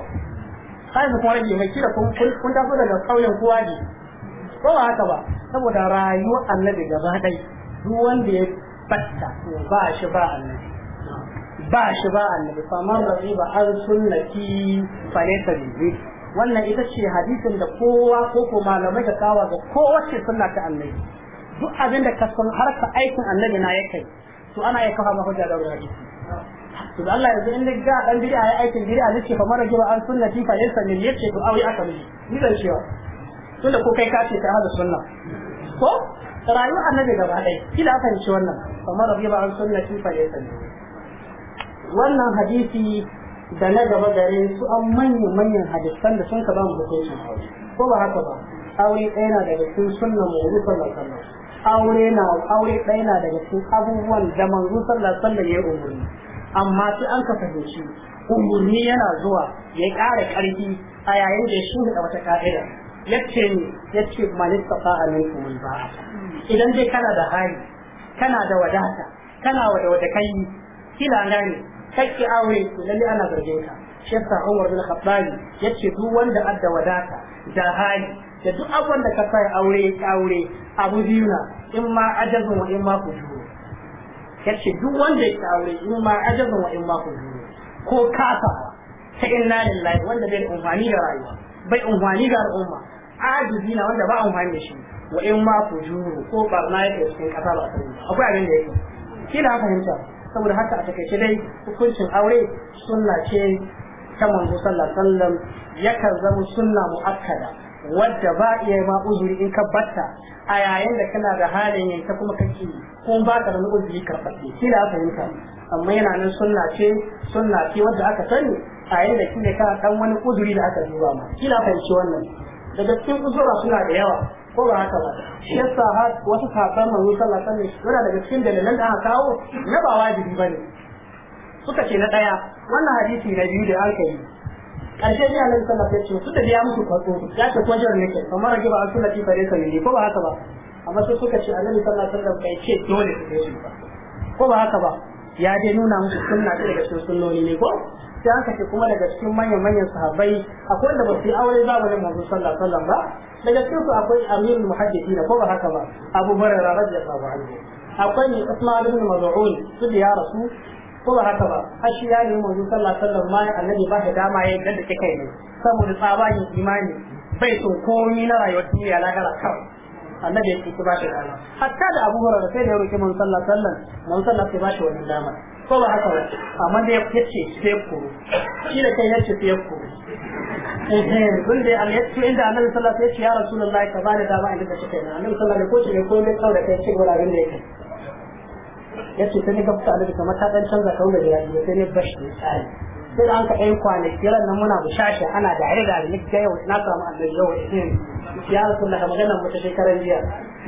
Speaker 1: sai mu kware mai kira kun kun tafi daga kauyen kowa ne ko ba haka ba saboda rayuwar annabi gaba dai duk wanda ya batta ba shi ba annabi ba shi ba annabi an wannan ita ce hadisin da kowa ko ko malamai da kawa ga kowace sunna ta annabi duk abin da ka san har ka aikin annabi na yake to ana ya kafa mahujja da ruwa to Allah yanzu in ga dan bid'a ya aikin bid'a ne ce fa mara jiba an sunnati fa yasa min yace to awi aka miji ni zan cewa tunda ko kai ka ce ka hada sunna ko rayuwar annabi gaba ɗaya kila aka yi wannan fa mara jiba an sunnati fa yasa wannan hadisi da na gaba gare su an manyan manyan hadisan da sun ka ba mu aure ko ba haka ba aure ɗaya na daga cikin sunan mu aure na aure ɗaya na daga cikin abubuwan da man sallallahu sallar ya umurni amma su an ka fahimci umurni yana zuwa ya ƙara ƙarfi a yayin da ya da wata ka'ida yace ni yace malista fa'a minkum ba'a idan dai kana da hali kana da wadata kana da wadakai kila gane kakki aure to lalle ana zargin ka shi Umar bin Khattabi yace duk wanda adda wadata da hali da duk abun da ka sai aure aure abu biyu in ma ajazu wa in ma kujuru yace duk wanda ya aure in ma ajazu wa in ma kujuru ko kafa ta inna lillahi wanda bai umfani da rayuwa bai umfani da al'umma ajizi na wanda ba umfani da shi wa in ma kujuru ko barna yake cikin kasa ba akwai abin da yake kina fahimta saboda haka a takaice dai hukuncin aure sunna ce ta manzo sallallahu alaihi wasallam yakan zama sunna muakkada wadda ba iya ma uzuri in ka batta a yayin da kana da halin yin kuma kake ko ba ka da uzuri aka yi fahimta amma yana nan sunna ce sunna ce wadda aka sani a yayin da kila kana dan wani uzuri da aka duba ma kila fahimci wannan daga cikin uzura suna da yawa ko ba haka ba shi yasa har wasu sahabban manzo sallallahu alaihi yana daga cikin dalilan da aka kawo na ba wajibi bane suka ce na daya wannan hadisi na biyu da an kai karshe ne Allah sallallahu alaihi wasallam suka biya musu kwatso ya ce kwajar ne ke kamar rage ba sunna ti fare sai ne ko ba haka ba amma su suka ce Annabi sallallahu alaihi kai ce dole su kai shi ba ko ba haka ba ya dai nuna musu sunna ta daga cikin sunnoni ne ko sai aka ce kuma daga cikin manyan manyan sahabbai akwai wanda ba su yi aure zamanin manzo sallallahu alaihi wasallam ba daga cikin su akwai amirul muhaddithina ko ba haka ba abu hurairah radiyallahu anhu akwai isma'il ibn maz'un su ya rasu ko ba haka ba har ya nemi manzo sallallahu alaihi wasallam mai annabi ba da dama yayin da take kai ne saboda tsabayin imani bai son komai na rayuwar duniya lahira kawai annabi ya ce ba shi dama hatta da abu hurairah sai da ya roki manzo sallallahu alaihi wasallam manzo sallallahu alaihi wasallam ba shi wannan dama ko ba haka ba amma da ya ce sai kuru shi da kai yace sai kuru kun dai an yace inda annabi sallallahu alaihi wasallam ya rasulullah ka bani da ba inda kake kai annabi sallallahu alaihi wasallam ko ne kawai kai ce wala abin da yake yace sai ne ga fita annabi kamar ta dan canza kawai da yaji sai ne bashi sai sai an ka ɗan kwanaki ran nan muna bushashi ana da hari da ni ga yau na samu annabi yau ya ka magana mu ta shekaran jiya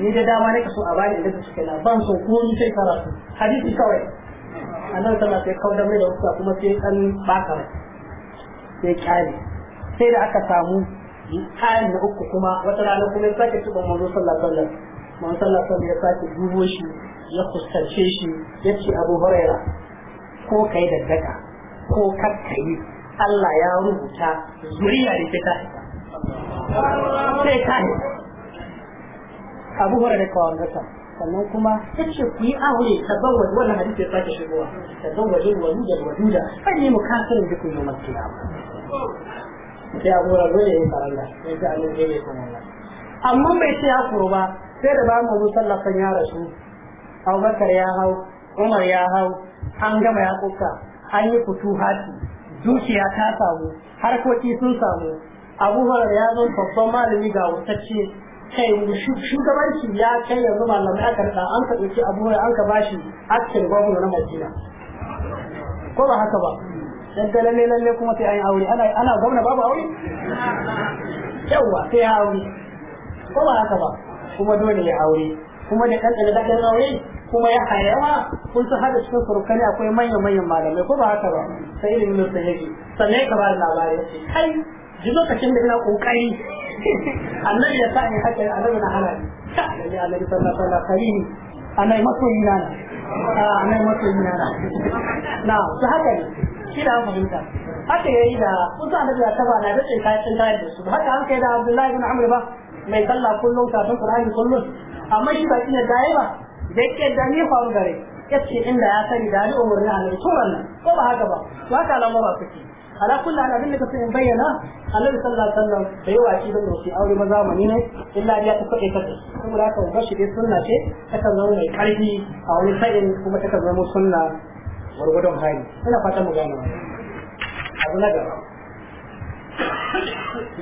Speaker 1: ni da dama nake so a bani inda kake na ban so ko ni sai karatu hadisi kawai annabi sallallahu alaihi wasallam sai da wuta kuma sai kan baka sai kyale sai da aka samu kayan na uku kuma wata rana kuma ya sake tuba manzo sallallahu alaihi wasallam manzo sallallahu alaihi wasallam ya sake dubo shi ya fuskance shi ya ce Abu Huraira ko kai daddaka ko kakkayi Allah ya rubuta zuriya da ke tashi sai tashi Abu Huraira kawai sannan kuma ta ce ku yi aure ta bawar wannan hadisi ya sake shigowa tazawwaj waluda waduda fa ne mu kafirin da ku yi masu yawa. sai abu rabu zo ya faranda ya ga Allah ya yi kuma amma bai ce ya kuro ba sai da ba mu tallafin ya rasu Abubakar ya hau Umar ya hau an gama ya kuka an yi hati dukiya ta samu harkoki sun samu Abu ya zo babban malami ga wutacce kai shugabanci ya kai yanzu malamai aka rika an ka ɗauki abu an ka bashi aksin gwamna na madina ko ba haka ba dan ga lalle lalle kuma sai an aure ana ana gwamna babu aure yawa sai ya aure ko ba haka ba kuma dole ya aure kuma da kan da kan aure kuma ya hayawa kun su hada cikin surukani akwai manyan manyan malamai ko ba haka ba sai ilimin sun yake sannan ka ba da labari kai duk lokacin da ina kokari annabi ya sa ni haka annabi na hana ni ya annabi sallallahu alaihi wasallam annabi masoyi na annabi masoyi na na ah, to haka ne shi da fahimta haka yayi da kusa annabi ya taba na dace kayan tayar da su haka an kai da Abdullahi ibn Amr ba mai sallah kullum kafin Qur'ani kullum amma shi baki ne dai ba da yake da ni faru gare yace inda ya sani da ni umurni a nan to wannan ko ba haka ba to haka lamura suke ala kullu hal abin da kace in bayyana Allah sallallahu alaihi wasallam da yawa shi da shi aure ba zamani ne illa ya ta kade kade saboda haka wannan shi dai sunna ce takan zama mai karfi a wani sa'in kuma takan zama sunna gwargwadon hali ina fatan mu gane abu na gaba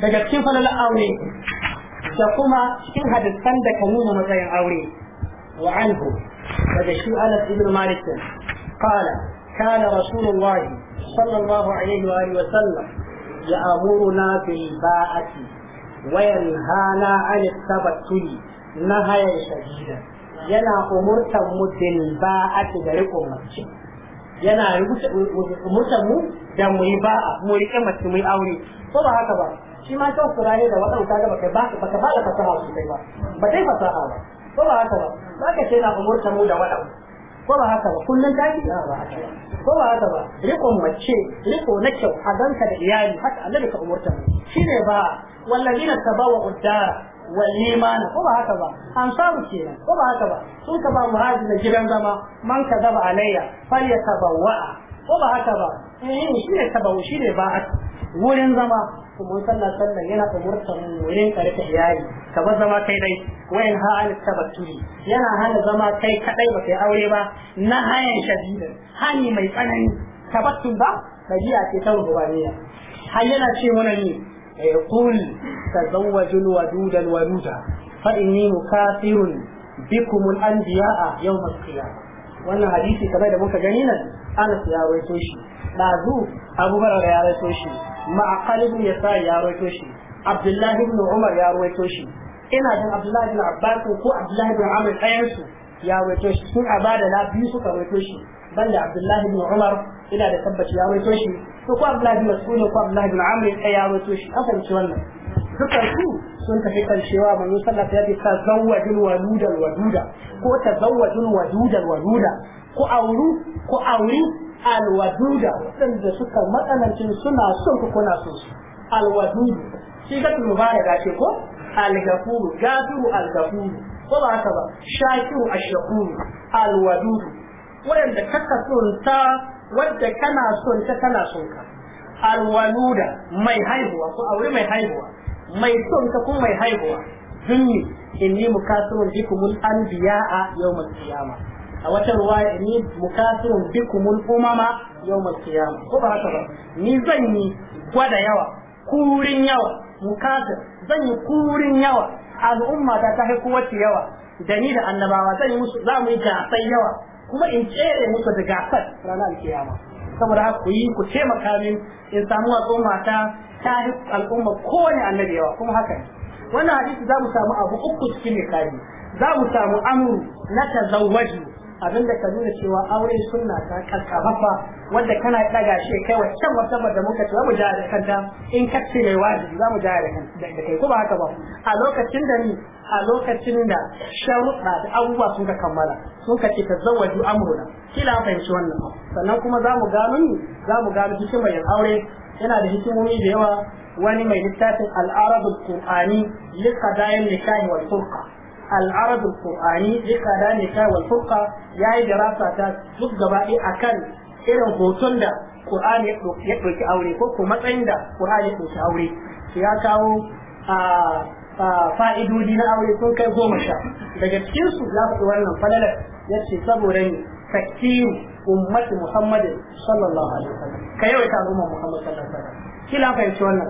Speaker 1: daga cikin falal aure da kuma cikin hadisan da kan nuna matsayin aure wa anhu daga shi Anas ibn Malik qala كان رسول الله صلى الله عليه وآله وسلم يأمرنا بالباءة وينهانا عن التبتل نهيا شديدا yana umurtan mu bil ba'ati da riƙon mace yana umurtan mu da mu yi ba'a mu riƙe mace mu yi aure ko ba haka ba shi ma kan kurare da wadanda kaga baka ba baka ba da fasaha sosai ba ba dai fasaha ba ko ba haka ba zaka ce na umurtan mu da wadanda ko ba haka ba kullun taki ko ba haka ba riko mace riko na kyau a danka da iyali haka annabi ka umurta shine ba wallazina tabawa uddara والإيمان ba هكذا أنصار الشيء هو هكذا سوك بأبو هذا جبن زما من كذب علي فليتبوأ هو هكذا إيه شيء تبوأ شيء باعت wurin zama. mun sallah sallah yana umurtar mu yin karfe iyali kamar zama kai dai wayan ha an tabattuli yana hana zama kai kadai ba kai aure ba na hayan shadidin hani mai tsanani tabattul ba dabi'a ce ta rubaniya har yana ce mana ni eh, qul tazawwajul waduda waluda fa inni mukafirun bikum al-anbiya'a yawm al-qiyamah wannan hadisi kamar da muka gani nan an ya rawaito shi ɗazu abu hurairah ya rawaito shi ma'aqal ibn yasa ya raito shi abdullahi ibn umar ya rawaito shi ina jin abdullahi ibn abbas ko abdullahi ibn Amir ɗayansu ya raito shi sun abada na biyu suka raito shi banda abdullahi ibn umar ina da tabbaci ya raito shi to ko abdullahi ibn mas'ud ko abdullahi ibn Amir ɗaya ya raito shi an fahimci wannan dukkan su sun tafi kan cewa manzo sallallahu alaihi wasallam ya ce tazawwajul waludal waduda ko tazawwajul wadudal waduda ko auru ko auri alwaduda waɗanda suka matsanancin suna son ku kuna so su alwadudu shi ga daga ce ko algafuru gafuru algafuru ko ba haka ba shakiru ashakuru alwadudu waɗanda kaka son ta wadda kana son ta kana son ka alwaluda mai haihuwa ko aure mai haihuwa mai son ka kuma mai haihuwa dunni inni mukasirun bikumul anbiya'a yawmal qiyamah a wata ruwaya ni mukasirun bikumul umama masu qiyamah ko ba haka ba ni zan yi gwada yawa kurin yawa mukasir zan yi kurin yawa al'umma ta ta haiku wacce yawa da ni da annabawa zan yi musu za mu yi gasar yawa kuma in tsere musu da gasar ranar kiyama saboda haka ku yi ku taimaka min in samu al'umma ta ta al'umma kowane annabi yawa kuma haka ne wannan hadisi za mu samu abu uku cikin ne za mu samu amru na tazawwaju da ka nuna cewa aure sunna ta kakkafafa wanda kana daga shi kai waccan wata da muka ce mu jaya da kanta in ka mai wajibi za mu jaya da kanta da kai ko haka ba a lokacin da ni a lokacin da sharuɗa da abubuwa sun ka kammala sun ka ce ta zawaju amurna kila an fahimci wannan sannan kuma za mu gano ni za mu gano hikimar yin aure yana da hikimomi da yawa wani mai littafin al'arabul qur'ani li qadayin nikahi wal furqa العرض القرآني لكلامك والفرقة ياي دراسة duk gaba ɗaya akan irin hoton da Qur'ani ya ɗauki aure ko kuma matsayin da Qur'ani ya ɗauki aure ya kawo fa'idodi na aure sun kai goma sha daga cikin su za su wannan falalar ya ce saboda ni takkiyu ummati Muhammadin sallallahu alaihi wasallam ka yawaita al'umma Muhammad sallallahu alaihi wasallam kila fahimci wannan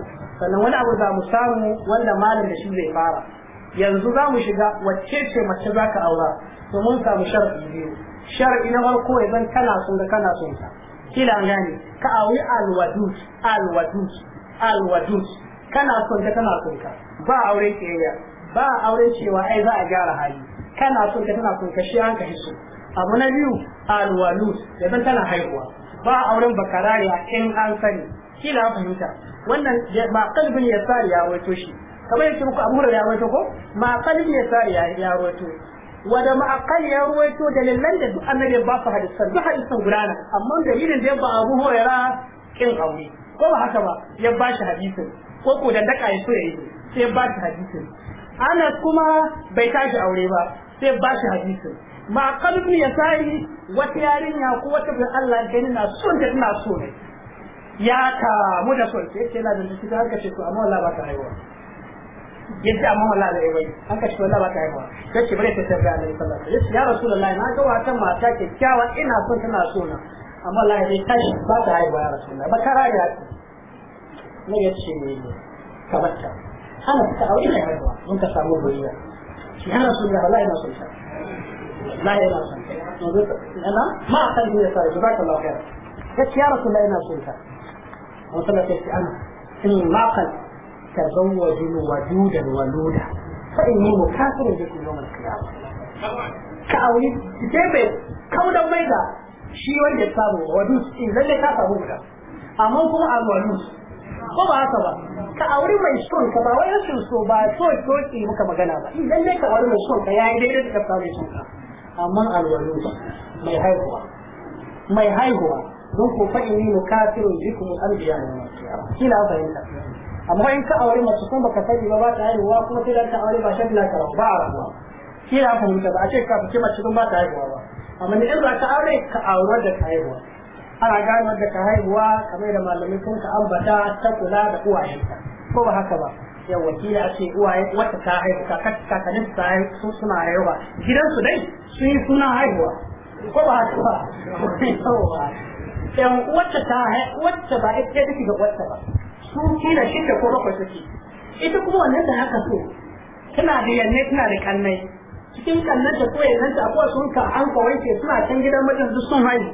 Speaker 1: wani abu za mu samu wanda malam da shi zai fara yanzu za mu shiga wacce ce mace za ka aura to mun samu shar'i biyu shar'i na farko ya zan kana son da kana son ta kila gane ka auri alwadud alwadud alwadud kana son ka kana son ka ba aure kiyayya ba aure cewa ai za a gyara hali kana son ka kana son ka shi an ka hiso abu na biyu alwalud ya zan tana haihuwa ba auren bakarariya in an sani kila fahimta wannan ba kalbin ya sari ya wato shi kamar yake muku abu ya rawaito ko ma qalbi ya sa ya ya rawaito wa da ma'aqal ya rawaito dalilan da duk annabi ba su hadisan duk hadisan gudana amma dalilin da ba Abu Hurairah kin aure ko ba haka ba ya ba shi hadisin ko ko da daka ya so yayi sai ya ba shi hadisin ana kuma bai tashi aure ba sai ba shi hadisin ma qalbi ya sai wata yarinya ko wata bin Allah ganin na son da ina so ne ya kamu da son sai ce na da shi haka ce to amma wallahi ba ta haihuwa yadda amma wallahi da yayi an ka wallahi ba ta haihuwa sai ce bare ta tabbata alaihi sallallahu alaihi wasallam ya rasulullahi na ga wata mata kyakkyawa ina son tana so na amma wallahi dai tashi ba ta haihuwa ya rasulullahi ba kara ya ne ya ce ne ka batta ana ta aure da haihuwa mun ka samu goyiya ya rasulullahi wallahi na son ta wallahi na son ta yanzu ma a san ya sai jazakallahu khair ya ce ya rasulullahi na son ta wasallam ya ce ana in ma kan tazawwajul wadudan waluda fa inni mukafirun bikum yawm al ka auri sai bai kaudan mai shi wanda ya samu wadus in lalle kuma a wadus ko ba haka ba ka auri mai son ka ba wai rashin so ba so toki muka magana ba in lalle ka auri mai son ka yayi daidai da ka samu son ka amma mai haihuwa mai haihuwa don ko fa inni mukafirun bikum anbiya al-qiyamah kila amma in ka aure mace kuma baka sani ba ba ta haihuwa kuma sai da ka aure ba shafi laka ba a rabuwa shi ya fahimta ba a ce ka fice mace kuma ba ta haihuwa ba amma ne in ba ka aure ka aure da ka haihuwa ana gano da ka haihuwa kamar da malamai sun ka ambata ta kula da uwayenta ko ba haka ba yau wakila a ce uwaye wata ta haihu kakannin ta haihu suna haihuwa gidansu dai sun yi suna haihuwa ko ba haka ba yan wacce ta haihu wacce ba ita take ga wacce ba su kila shida ko bakwai suke ita kuma wannan da haka so tana da yanne tana da kannai cikin kannan ta koyi nan ta ko sun ka an kawai wanke suna can gidan mijin su sun haihu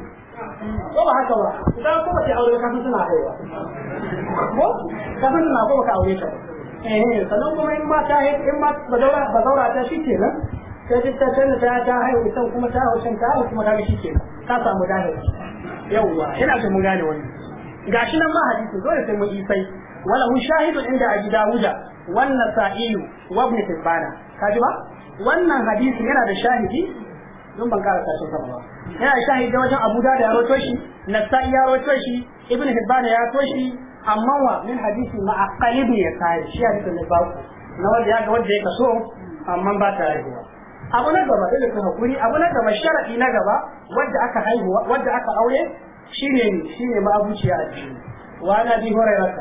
Speaker 1: ko ba haka ba idan kuma ta aure kafin suna haihuwa ko kafin suna ko ka aure ta eh sannan kuma in ba ta in ba ba zaura ba daura ta shi kenan sai duk ta canza ta ta haihu ita kuma ta hau shan ta haihu kuma ta ga shi kenan ka samu gane yauwa ina ga mu gane wannan gashi nan ma hadisi dole sai mun isai wala hu shahidu inda abi dawuda wannan sa'ilu wa ibn tibbana kaji ba wannan hadisi yana da shahidi don ban karanta shi sama ba yana shahidi wajen abu da ya roto shi nasa'i ya roto shi ibn tibbana ya roto shi amma wa min hadisi ma aqalibi ya sai shi hadisi ne ba na wanda ya ga wanda ya so amma ba ta haihuwa abu na gaba da ka hakuri abu na gaba sharadi na gaba wanda aka haihuwa wanda aka aure شيني شيني ما أبو شيء وعن أبي هريرة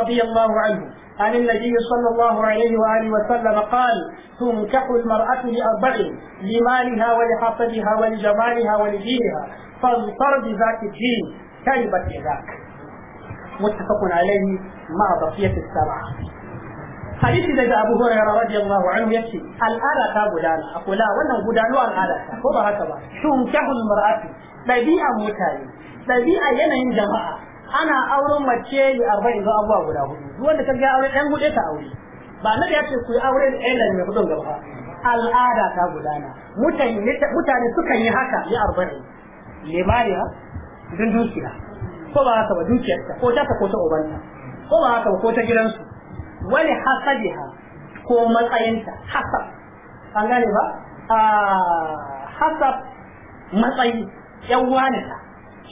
Speaker 1: رضي الله عنه عن النبي صلى الله عليه وآله وسلم قال تنكح المرأة لأربع لمالها ولحفظها ولجمالها ولدينها فاضطر بذات الدين كلمة ذاك متفق عليه مع بقية السبعة hadisi daga أبو هريرة رضي الله عنه يكفي ta gudana a kula wannan gudanuwar al'ada ko ba haka ba shun kahul mar'ati dabi'an mutane ɗabi'a yanayin jama'a ana auren mace da arba'in zuwa abubuwa guda hudu wanda ka ga aure ɗan huɗe ta aure ba na da ya ce ku yi aure da ɗan mai hudun gaba al'ada ta gudana mutane mutane sukan yi haka ya arba'in Limaniya don dukiya ko ba haka ba dukiyarta ko ta ko ta o'banta. ko ba haka ba ko ta gidansu wani hasabiha ko matsayinta hasab an gane ba a ah, hasab matsayi yan wani ta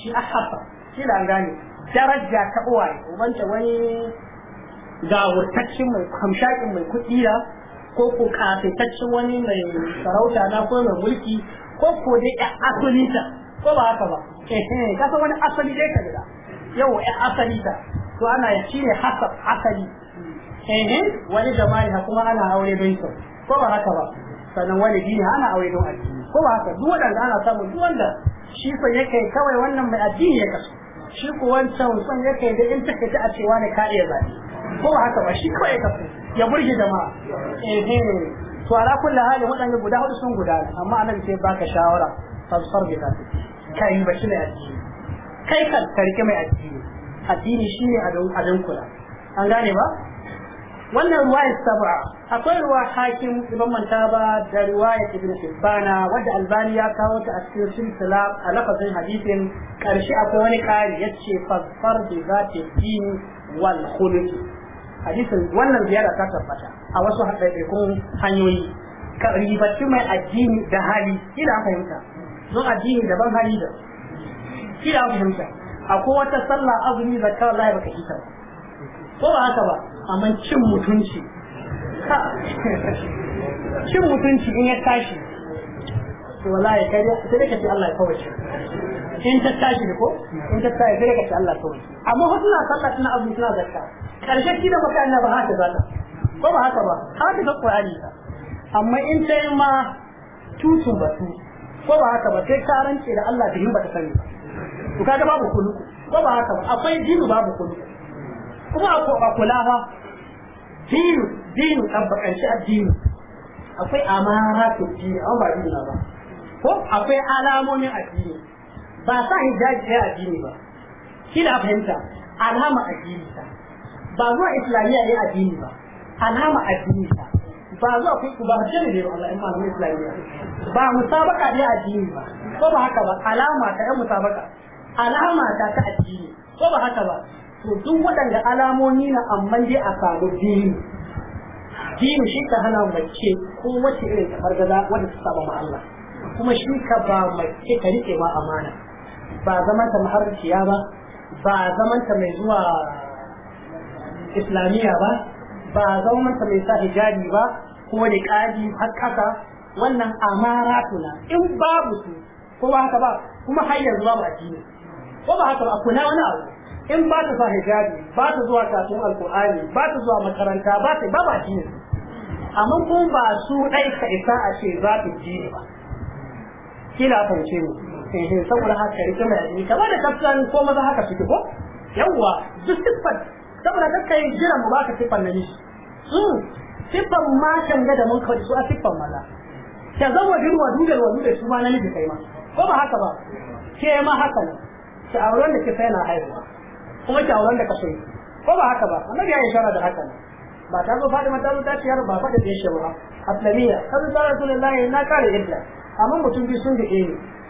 Speaker 1: shi ahabba shi da gane daraja ta uwaye ubanta wani gawurtaccen mai hamshakin mai kuɗi da ko ko kafetaccen wani mai sarauta na ko mai mulki ko ko dai ya asali ta ko ba haka ba eh ka san wani asali dai ka gida yau ya asali ta to ana ya shine hasab asali eh wani jama'i ha kuma ana aure don sau ko ba haka ba sannan wani dini ana aure don addini ko ba haka duk wanda ana samu duk wanda shi ko yake kawai wannan mai addini ya kasu shi ko wancan son yake da in take ta cewa ne kare iya zabi ko haka ba shi kawai ya kasu ya burge jama'a eh to ala kulli hali waɗanda guda hudu sun gudana amma annabi sai baka shawara fasfar bi kafi kai ba shi ne addini kai kan tarike mai addini addini shine a don kula an gane ba wannan ruwaya sab'a akwai ruwa hakim ibn manta ba da ruwaya ibn hibbana wadda albani ya kawo ta a cikin silsila a lafazin hadisin karshe akwai wani kari ya yace fasfar bi zati din wal khuluq hadisin wannan ziyara ta tabbata a wasu haɗaɗɗun hanyoyi ka ribaci mai addini da hali kina fahimta don addini daban hali da kina fahimta akwai wata sallah azumi zakar Allah baka ita ko ba haka ba amma cin mutunci cin mutunci in ya tashi wala ya kai sai da kace Allah ya kawace in ta tashi ko in ta tashi sai da kace Allah ya kawace amma hutu na sallah suna abu suna zakka karshe shi da baka ba haka zata ko ba haka ba haka ga Qur'ani amma in ta yi ma tutu batu ko ba haka ba sai karance da Allah da yin ba ta sani to kaga babu kullu ko ba haka ba akwai dinu babu kullu kuma a kula ba dinu dinu kan bakanci addini akwai amara ta dini an ba dinu ba ko akwai alamomin addini ba sa hijabi ɗaya addini ba shi fahimta alama addini ta ba zuwa islamiyya ne addini ba alama addini ta ba zuwa ku ba jini ne Allah in malamin islamiyya ba musabaka ne addini ba ko ba haka ba alama ta yan musabaka alama ta ta addini ko ba haka ba to duk waɗanda alamomi na amma dai a samu dini dini shi ka hana mace ko wace irin ta fargaza wadda ta saba ma Allah kuma shi ka ba mace ka rike ma amana ba zaman ta maharciya ba ba zaman ta mai zuwa islamiyya ba ba zaman ta mai sa hijabi ba ko da kaji har kasa wannan amaratuna in babu su ko ba haka ba kuma har yanzu babu addini ko ba haka ba kuna wani abu in ba ta sa hijabi ba ta zuwa kasuwar alkur'ani ba ta zuwa makaranta ba ta ba ba ne amma kun ba su ɗai ka isa a ce za ta ji ba kila fahimce mu ehe saboda haka ita mai yi kamar da kaftan ko maza haka suke ko yawwa duk siffar saboda kakka yi jiran mu baka siffar na nishi hmm, siffar ma can ga da mun kawai su a siffar maza ta zama dirwa dudar wa dudar su ma na ni kai ma ko ba haka ba ke ma haka ne ta auren da kisa yana haihuwa kuma ki auren da kaso ko ba haka ba annabi ya ishara da haka ba ta zo fadi mata ta ciyar ba fadi da shi ba aslamiya kan zo ta Rasulullahi na kare idda amma mutum bi sun da ne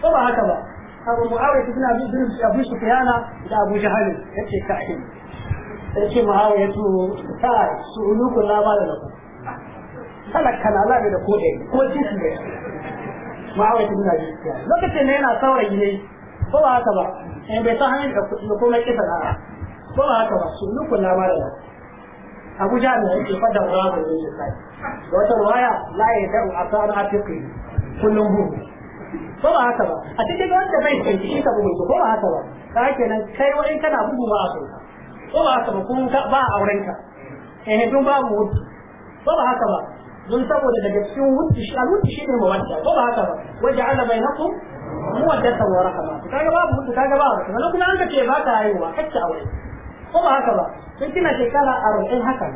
Speaker 1: ko ba haka ba abu muawiya ibn abi zulm su sufyana da abu jahal yace ka shi sai ce muawiya to ta su uluku la ba da ku talaka na labe da dai ko titi ne muawiya ibn abi lokacin ne yana saurayi ne ko ba haka ba In eh, bai ta hanyar da kuma ko mai kisa ko ba haka ba su nukun na mara da abuja ne yake fada ruwa da yake sai da wata ruwaya la ya da'u asar atiqi kullum hu ko ba haka ba a cikin wanda bai san shi ka bugu ko ba haka ba ka nan kai wani kana bugu ba a so ko ba haka ba kun ba a aurenka eh dun mu wudu ko ba haka ba don saboda daga cikin wudu shi al wudu shi ne mawadda ko ba haka ba wajen Allah bainakum Mu muwaddatan wa rahama kaga babu mutu kaga babu sannan kuma an ce ba ta haihuwa hakki aure ko ba haka ba sai kina shekara arba'in haka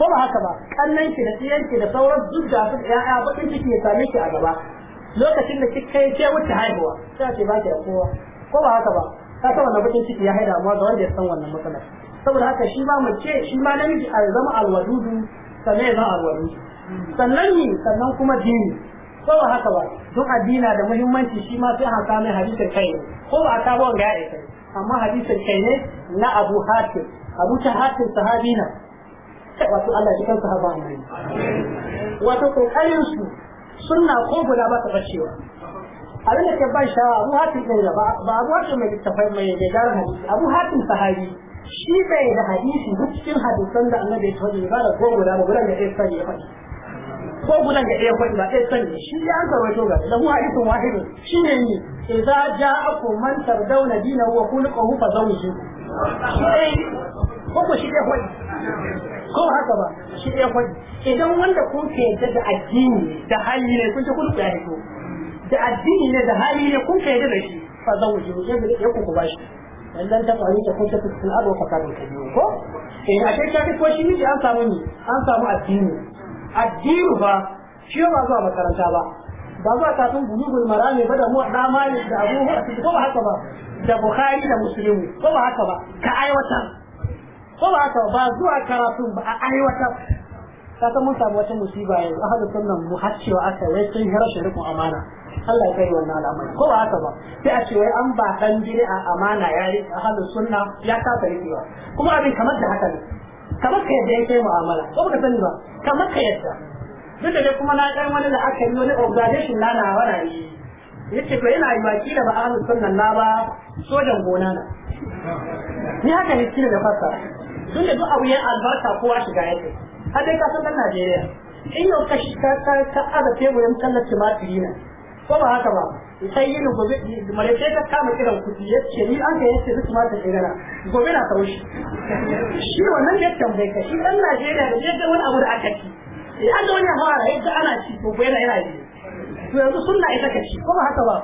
Speaker 1: ko ba haka ba kannan ki da tiyan ki da sauran duk da su ya'ya bakin ki ya same ki a gaba lokacin da kika yi ke wuce haihuwa sai ce ba ki da kowa ko ba haka ba ka san wannan bakin ciki ya haida amma ga wanda ya san wannan matsalar saboda haka shi ma mace shi ma namiji a zama alwadudu sannan ya zama alwadudu sannan ni sannan kuma dini ko ba haka ba don addina da muhimmanci shi ma sai haka mai hadisin kai ne ko ba ta ba ga ita amma hadisin kai ne na Abu Hatim Abu Hatim sahabi na wato Allah ya kansa haba mai wato kokarin su sunna ko guda ba ta bacewa abin da ke ban shawara Abu Hatim din ba ba Abu Hatim mai tafai mai da garin hadisi Abu Hatim sahabi shi bai da hadisi duk cikin hadisan da Annabi ya tabbata ba da ko guda ba guda da ya sani ya faɗi ko gudan ga ɗaya kwaɗi ba ɗaya sani shi ya an sarwaito ga da mu hadisin wahidu shi ne ni idza ja'akum man tardawna dinahu wa khuluquhu fa zawjuhu shi eh, ɗaya ko ko shi ɗaya kwaɗi
Speaker 3: ko haka ba shi ɗaya
Speaker 1: kwaɗi idan wanda kun ke da addini da hali ne kun ce kun ya hito da addini ne da hali ne kun ke da shi fa zawjuhu ya ku ba shi idan ta faru ta kunta fil ardi wa fasadun kabir ko eh a kai ta ko shi miji an samu ni an samu addini addini ba shi ba zuwa makaranta ba ba zuwa kafin gulmara ne ba da da malik da abu hurairah ko ba haka ba da bukhari da muslimu ko ba haka ba ka aiwatar ko ba haka ba zuwa karatun ba a aiwatar ka san mun samu wata musiba yanzu ahadu sunnan mu har cewa aka wai sun hira shi amana Allah ya kai wannan al'amari ko ba haka ba sai a ce wai an ba dan a amana ya yi a ahadu sunna ya kasa rikewa kuma abin kamar da haka ne kamar ka yadda yake mu'amala ko ka sani ba kamar ka yadda duk da kuma na dan wani da aka yi wani organization na nawa na yi yace ko ina baki da ba'alu sunan na ba sojan gona na ni haka ne kina da fasa. duk da duk abu ya albarka kowa shiga yake har dai ka san dan Najeriya in yau ka ka ka aza teburin kallon tumatiri na ko ba haka ba sai yin gobe malaike ta kama kiran kuɗi ya ce ni an kai yace duk mata ke gana gobe na kawo shi wannan ya tambaye ka shi dan Najeriya da je ga wani abu da aka ci eh an da wani fara yadda ana ci to gobe na yana yi to yanzu sunna ita ka ci ko ba haka ba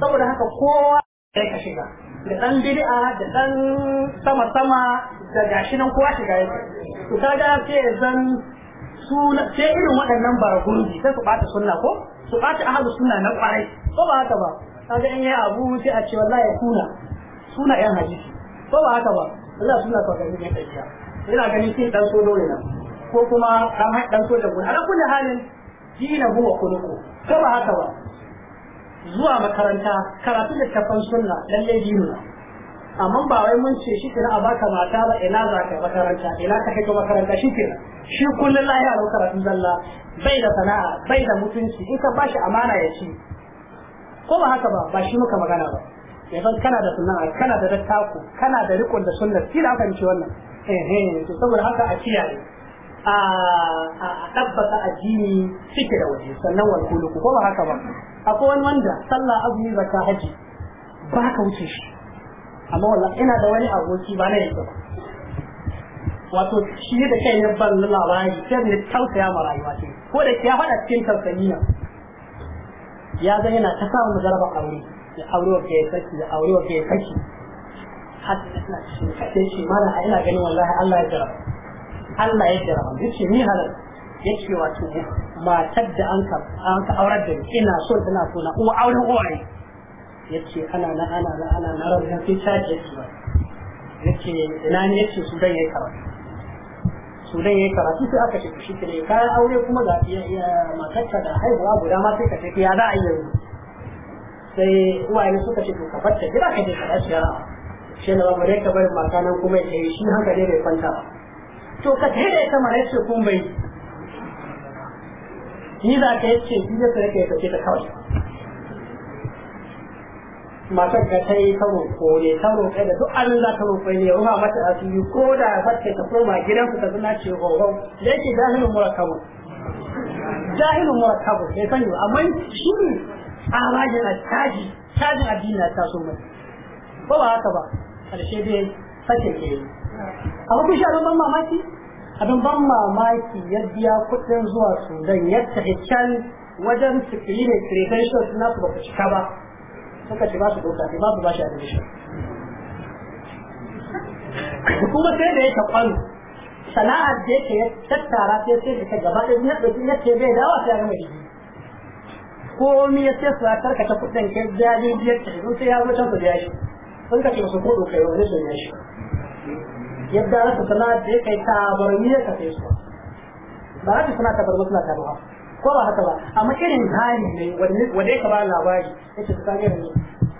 Speaker 1: saboda haka kowa ya ka shiga da dan bid'a da dan sama sama da gashi nan kowa shiga yake to kaga sai zan suna sai irin waɗannan baragurbi sai su ɓata sunna ko su ɓata ahlus suna na kwarai ko ba haka ba kaga in yayi abu sai a ce wallahi kuna suna yan hadisi ko ba haka ba Allah suna ka gani ne kai ina ganin sai dan so dole na ko kuma dan dan so da gudu ala kulli halin dina huwa kuluku ko ba haka ba zuwa makaranta karatu da tafan sunna lalle dinu amma ba wai mun ce shi kenan a baka mata ba ina za ka makaranta ina ka kai makaranta shi kenan shi kullun lahiya da karatun zalla bai da sana'a bai da mutunci in ka bashi amana ya ci ko ba haka ba ba shi muka magana ba yanzu kana da sunna kana da dattaku kana da rikon da sunna shi da aka mishi wannan eh eh to saboda haka a kiyaye a tabbata addini cike da waje sannan wal ko ba haka ba akwai wani wanda sallah azumi zakka haji ba ka wuce shi amma wallah ina da wani aboki ba na yanzu wato shi da kai ya ban labari sai ne tausaya ma rayuwa ce ko da ya faɗa cikin tausaniya ya zan yana ta samun jaraba aure ya aure wa kai saki ya aure wa kai saki sai shi mana a ina ganin wallahi Allah ya jaraba Allah ya jaraba yace ni halar halal yace wato matar da an ka an ka aurar da ina so tana so na uwa auren uwaye ya ce ana na ana na ana na rabu ya fi caji su ba ya ce ina ne ya ce sudan ya yi karatu su sudan ya yi karatu sai aka ce shi ne kayan aure kuma ga matarka da haihuwa guda ma sai ka ce ya za a yi yanzu sai uwaye suka ce to ka bar gida ka je ka dace yara shi na babu dai ka bar mata nan kuma ya yi shi haka dai bai kwanta ba to ka ta da ita mara yace kun bai ni za ka yace ni da ka ce ta kawai matar ka ta yi karo ko ne karo kai da duk an za ka roƙo ne ruwa mata asiri ko da bace ta koma gidan ku ta zuna ce horon da yake jahilin murakabu jahilin murakabu sai sani amma shi ne a tsarajin alkaji tajin addini na taso mai ko ba haka ba ƙarshe dai sakin ke yi amma kun sha ban mamaki abin ban mamaki ya biya kuɗin zuwa sudan yadda can wajen sikiri ne shi na ba ku cika ba suka ce ba su ɗauka ne ba su ba shi admission kuma sai da ya taɓalu sana'ar da yake ya tattara sai sai ta gaba da ya ɗauki ya ce bai dawa sai ya gama digiri komi ya sai su a karkata kudin ke jaji biya ta yanzu sai ya zo su biya shi sun ka ce su kudu kai wani su biya shi yadda rasa sana'ar da ya kai tabarmi ka sai su ba rasa suna tabarmi suna tabarwa ko ba haka ba amma irin hali ne wanda ya ba labari yace ta kage ne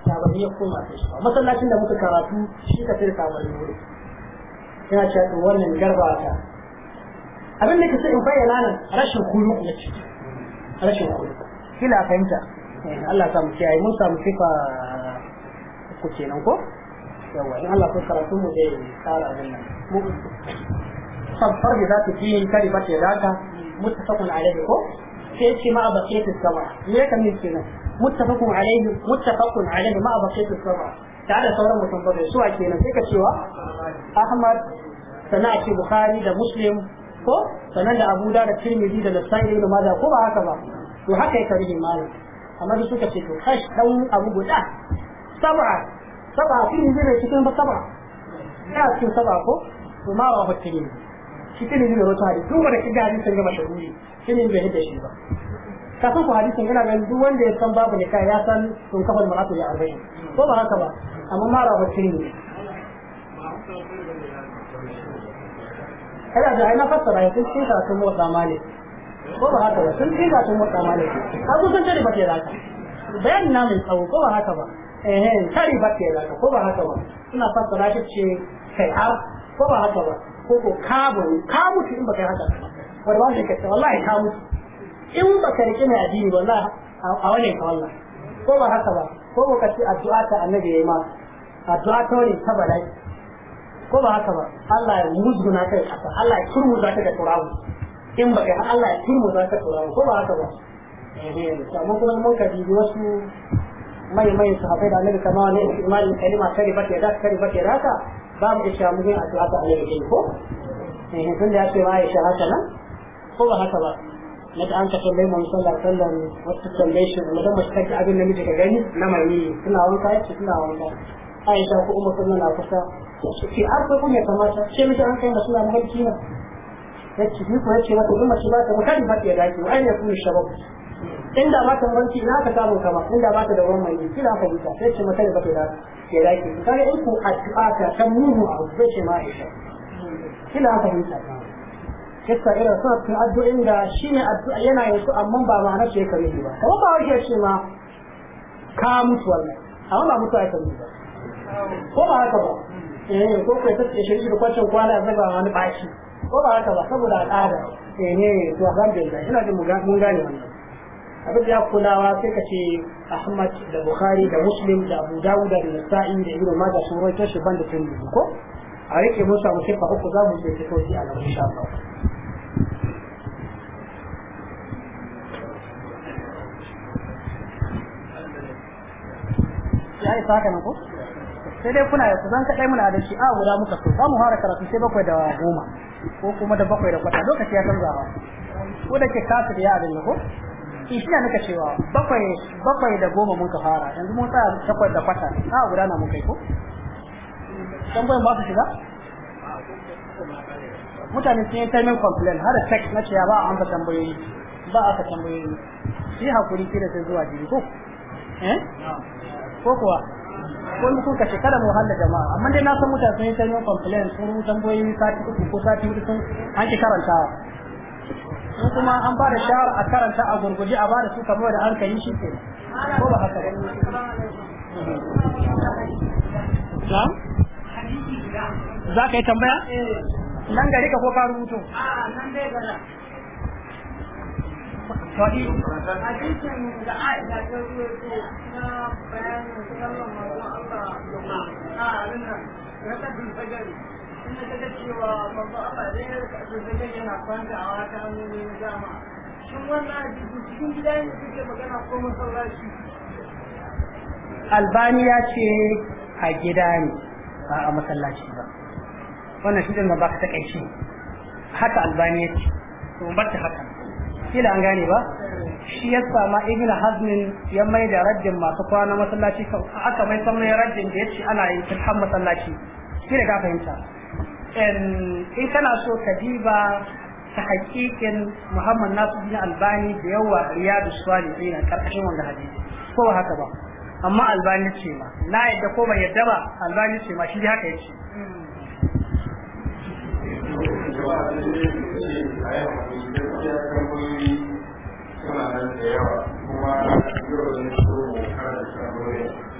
Speaker 1: sabani ya koma sai shi masallacin da muka karatu shi ka sai sabani ne yana cewa to wannan garba ta abin da kace in bayyana nan rashin kulu ne rashin kulu kila fahimta eh, Allah mu kiyaye mun samu kifa ku kenan ko yawa in Allah ko karatu mu dai tsara abin nan mu sabbar da zaka yi kari ba ta data متفق ko. sai ce ma abaqiyatu sab'a me ka min kenan muttafaqun alaihi muttafaqun alaihi ma abaqiyatu sab'a ta da sauran mutum ba su a kenan sai ka cewa Ahmad sana ce Bukhari da Muslim ko sanan da Abu da Tirmidhi da Nasa'i da Maza ko ba haka ba to haka ya tarihi malik amma da suka ce to kash dan abu guda sab'a sab'a kin ne cikin ba sab'a ya cikin sab'a ko to ma wa fakirin cikin ta ne da wata hadisi duk wanda kiga hadisin ga mashahuri shi ne bai hidda shi ba ko ku hadisin yana ganin duk wanda ya san babu ne kai ya san sun kafa maratu ya arba'in ko ba haka ba amma mara ba cikin ne kada da ai na fassara ya sun cika sun motsa malik ko ba haka ba sun cika sun motsa malik har sun tare ba ke zaka bayan na mai tsawo ko ba haka ba eh tare ba ke zaka ko ba haka ba suna fassara shi ce kai har ko ba haka ba ko ko ka ka mutu in baka yi haka wanda ba shi kace wallahi ka mutu in baka rike mai addini wallahi a wani ka wallahi ko ba haka ba ko ko kace addu'a ta annabi yayi ma addu'a ta wani ta balai ko ba haka ba Allah ya muzguna kai kasa Allah ya za ka da turawu in baka Allah ya za ka turawu ko ba haka ba eh amma kuma mun ka bibi wasu mai mai sahabbai da annabi kamar ne imani kalima karibat ya da karibat ya da babu da cewa muhim a ce haka Allah yake ko eh tun da yake waye shi haka nan ko ba haka ba na da an ka tambaye mu sallallahu alaihi wasallam wata tambaye shi mutum ba take abin da miji ka gani na mai suna wanka yace suna wanka Aisha ko Umar sallallahu alaihi wasallam ki arko ko me kamata ce miji an kai Rasulullah mahalki na yace ni ko yace wata umma ce ba ta mutane ba ta dace wa ai ne kuma shababu inda ba ta wanci na ka samu kama inda ba ta da ruwan mai kira ka bisa sai ce mata da ba ta da ke dake kare in ku addu'a ta ta muhu a zai ce ma aisha kina ka bisa kissa irin suna cikin addu'in da shi ne addu'a yana yanzu amma ba ma'ana ce ka rufe ba kamar ba wajen shi ma ka mutu wannan amma ba mutu aka mutu ba ko ba haka ba eh ko kai ce shi da kwacin kwana ba wani bashi ko ba haka ba saboda al'ada eh ne to alhamdulillah ina jin mun gane wannan abin da ya kulawa sai ka ce Ahmad da Bukhari da Muslim da Abu Dawud da Nasa'i da Ibn Majah sun rawaito shi banda Tirmidhi ko a rike mu samu sai fa uku zamu je fitoci a nan insha Allah ya yi saka nan ko sai dai kuna da zan kaɗai muna da shi a guda muka so za mu fara karatu sai bakwai da goma ko kuma da bakwai da kwata lokaci ya canza ba ko da ke kasu da ya abin ko shi ne muka cewa bakwai bakwai da goma muka fara yanzu mun tsaya takwas da kwata a guda na muka yi ko
Speaker 3: tambayan ba su shiga mutane sun yi taimin
Speaker 1: complain har da text na cewa ba a amsa tambayoyi ba a ka tambayoyi shi hakuri ki da sai zuwa jiri ko eh ko kuwa ko mu kuka ce kada mu halla jama'a amma dai na san mutane sun yi taimin complain sun tambayoyi sati uku ko sati hudu sun an ki karantawa ko kuma an ba da shawara a karanta a gurguje a ba da su kamar da an ka yi shi ke ko ba haka ba za ka yi tambaya eh. nan gari ka ko ka rubutu a ah, nan dai gara Fadi.
Speaker 3: Hadisin da Aisha ta ruwaito na bayanin sallan manzon Allah a rinna, ah, nan rakabin fajari.
Speaker 1: albani ya ce a gida ne ba a masallaci ba wannan shi da ba ka takaice haka albani ya ce to ta haka kila an gane ba shi ya sama ibn hazmin ya mai da raddin masu kwana masallaci aka mai samun raddin da ya ce ana yin fitan masallaci kira ka fahimta in in kana so ka diba ta hakikin Muhammad Nasu bin Albani da yawa Riyadu Salihin a karkashin wanda hadisi ko haka ba amma Albani ce ma na yadda ko bai yadda ba Albani ce ma shi dai haka yake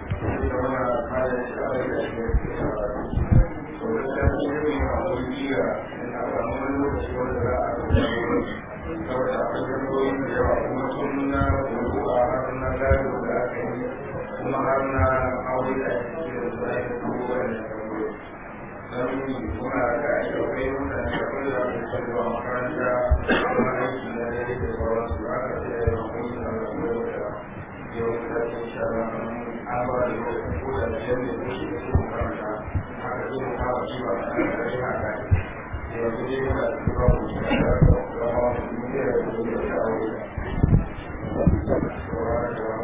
Speaker 2: Thank you. 咱们一出来，感觉没有人在混了，就是光混吃。咱们现在这些保安虽然这些工资能混得上，有补贴，现在能安排以后，或者年底补一些工资啥的。他肯定他不希望再这样干。有的时候，不知道为啥，正好明天就下雨了，突然就。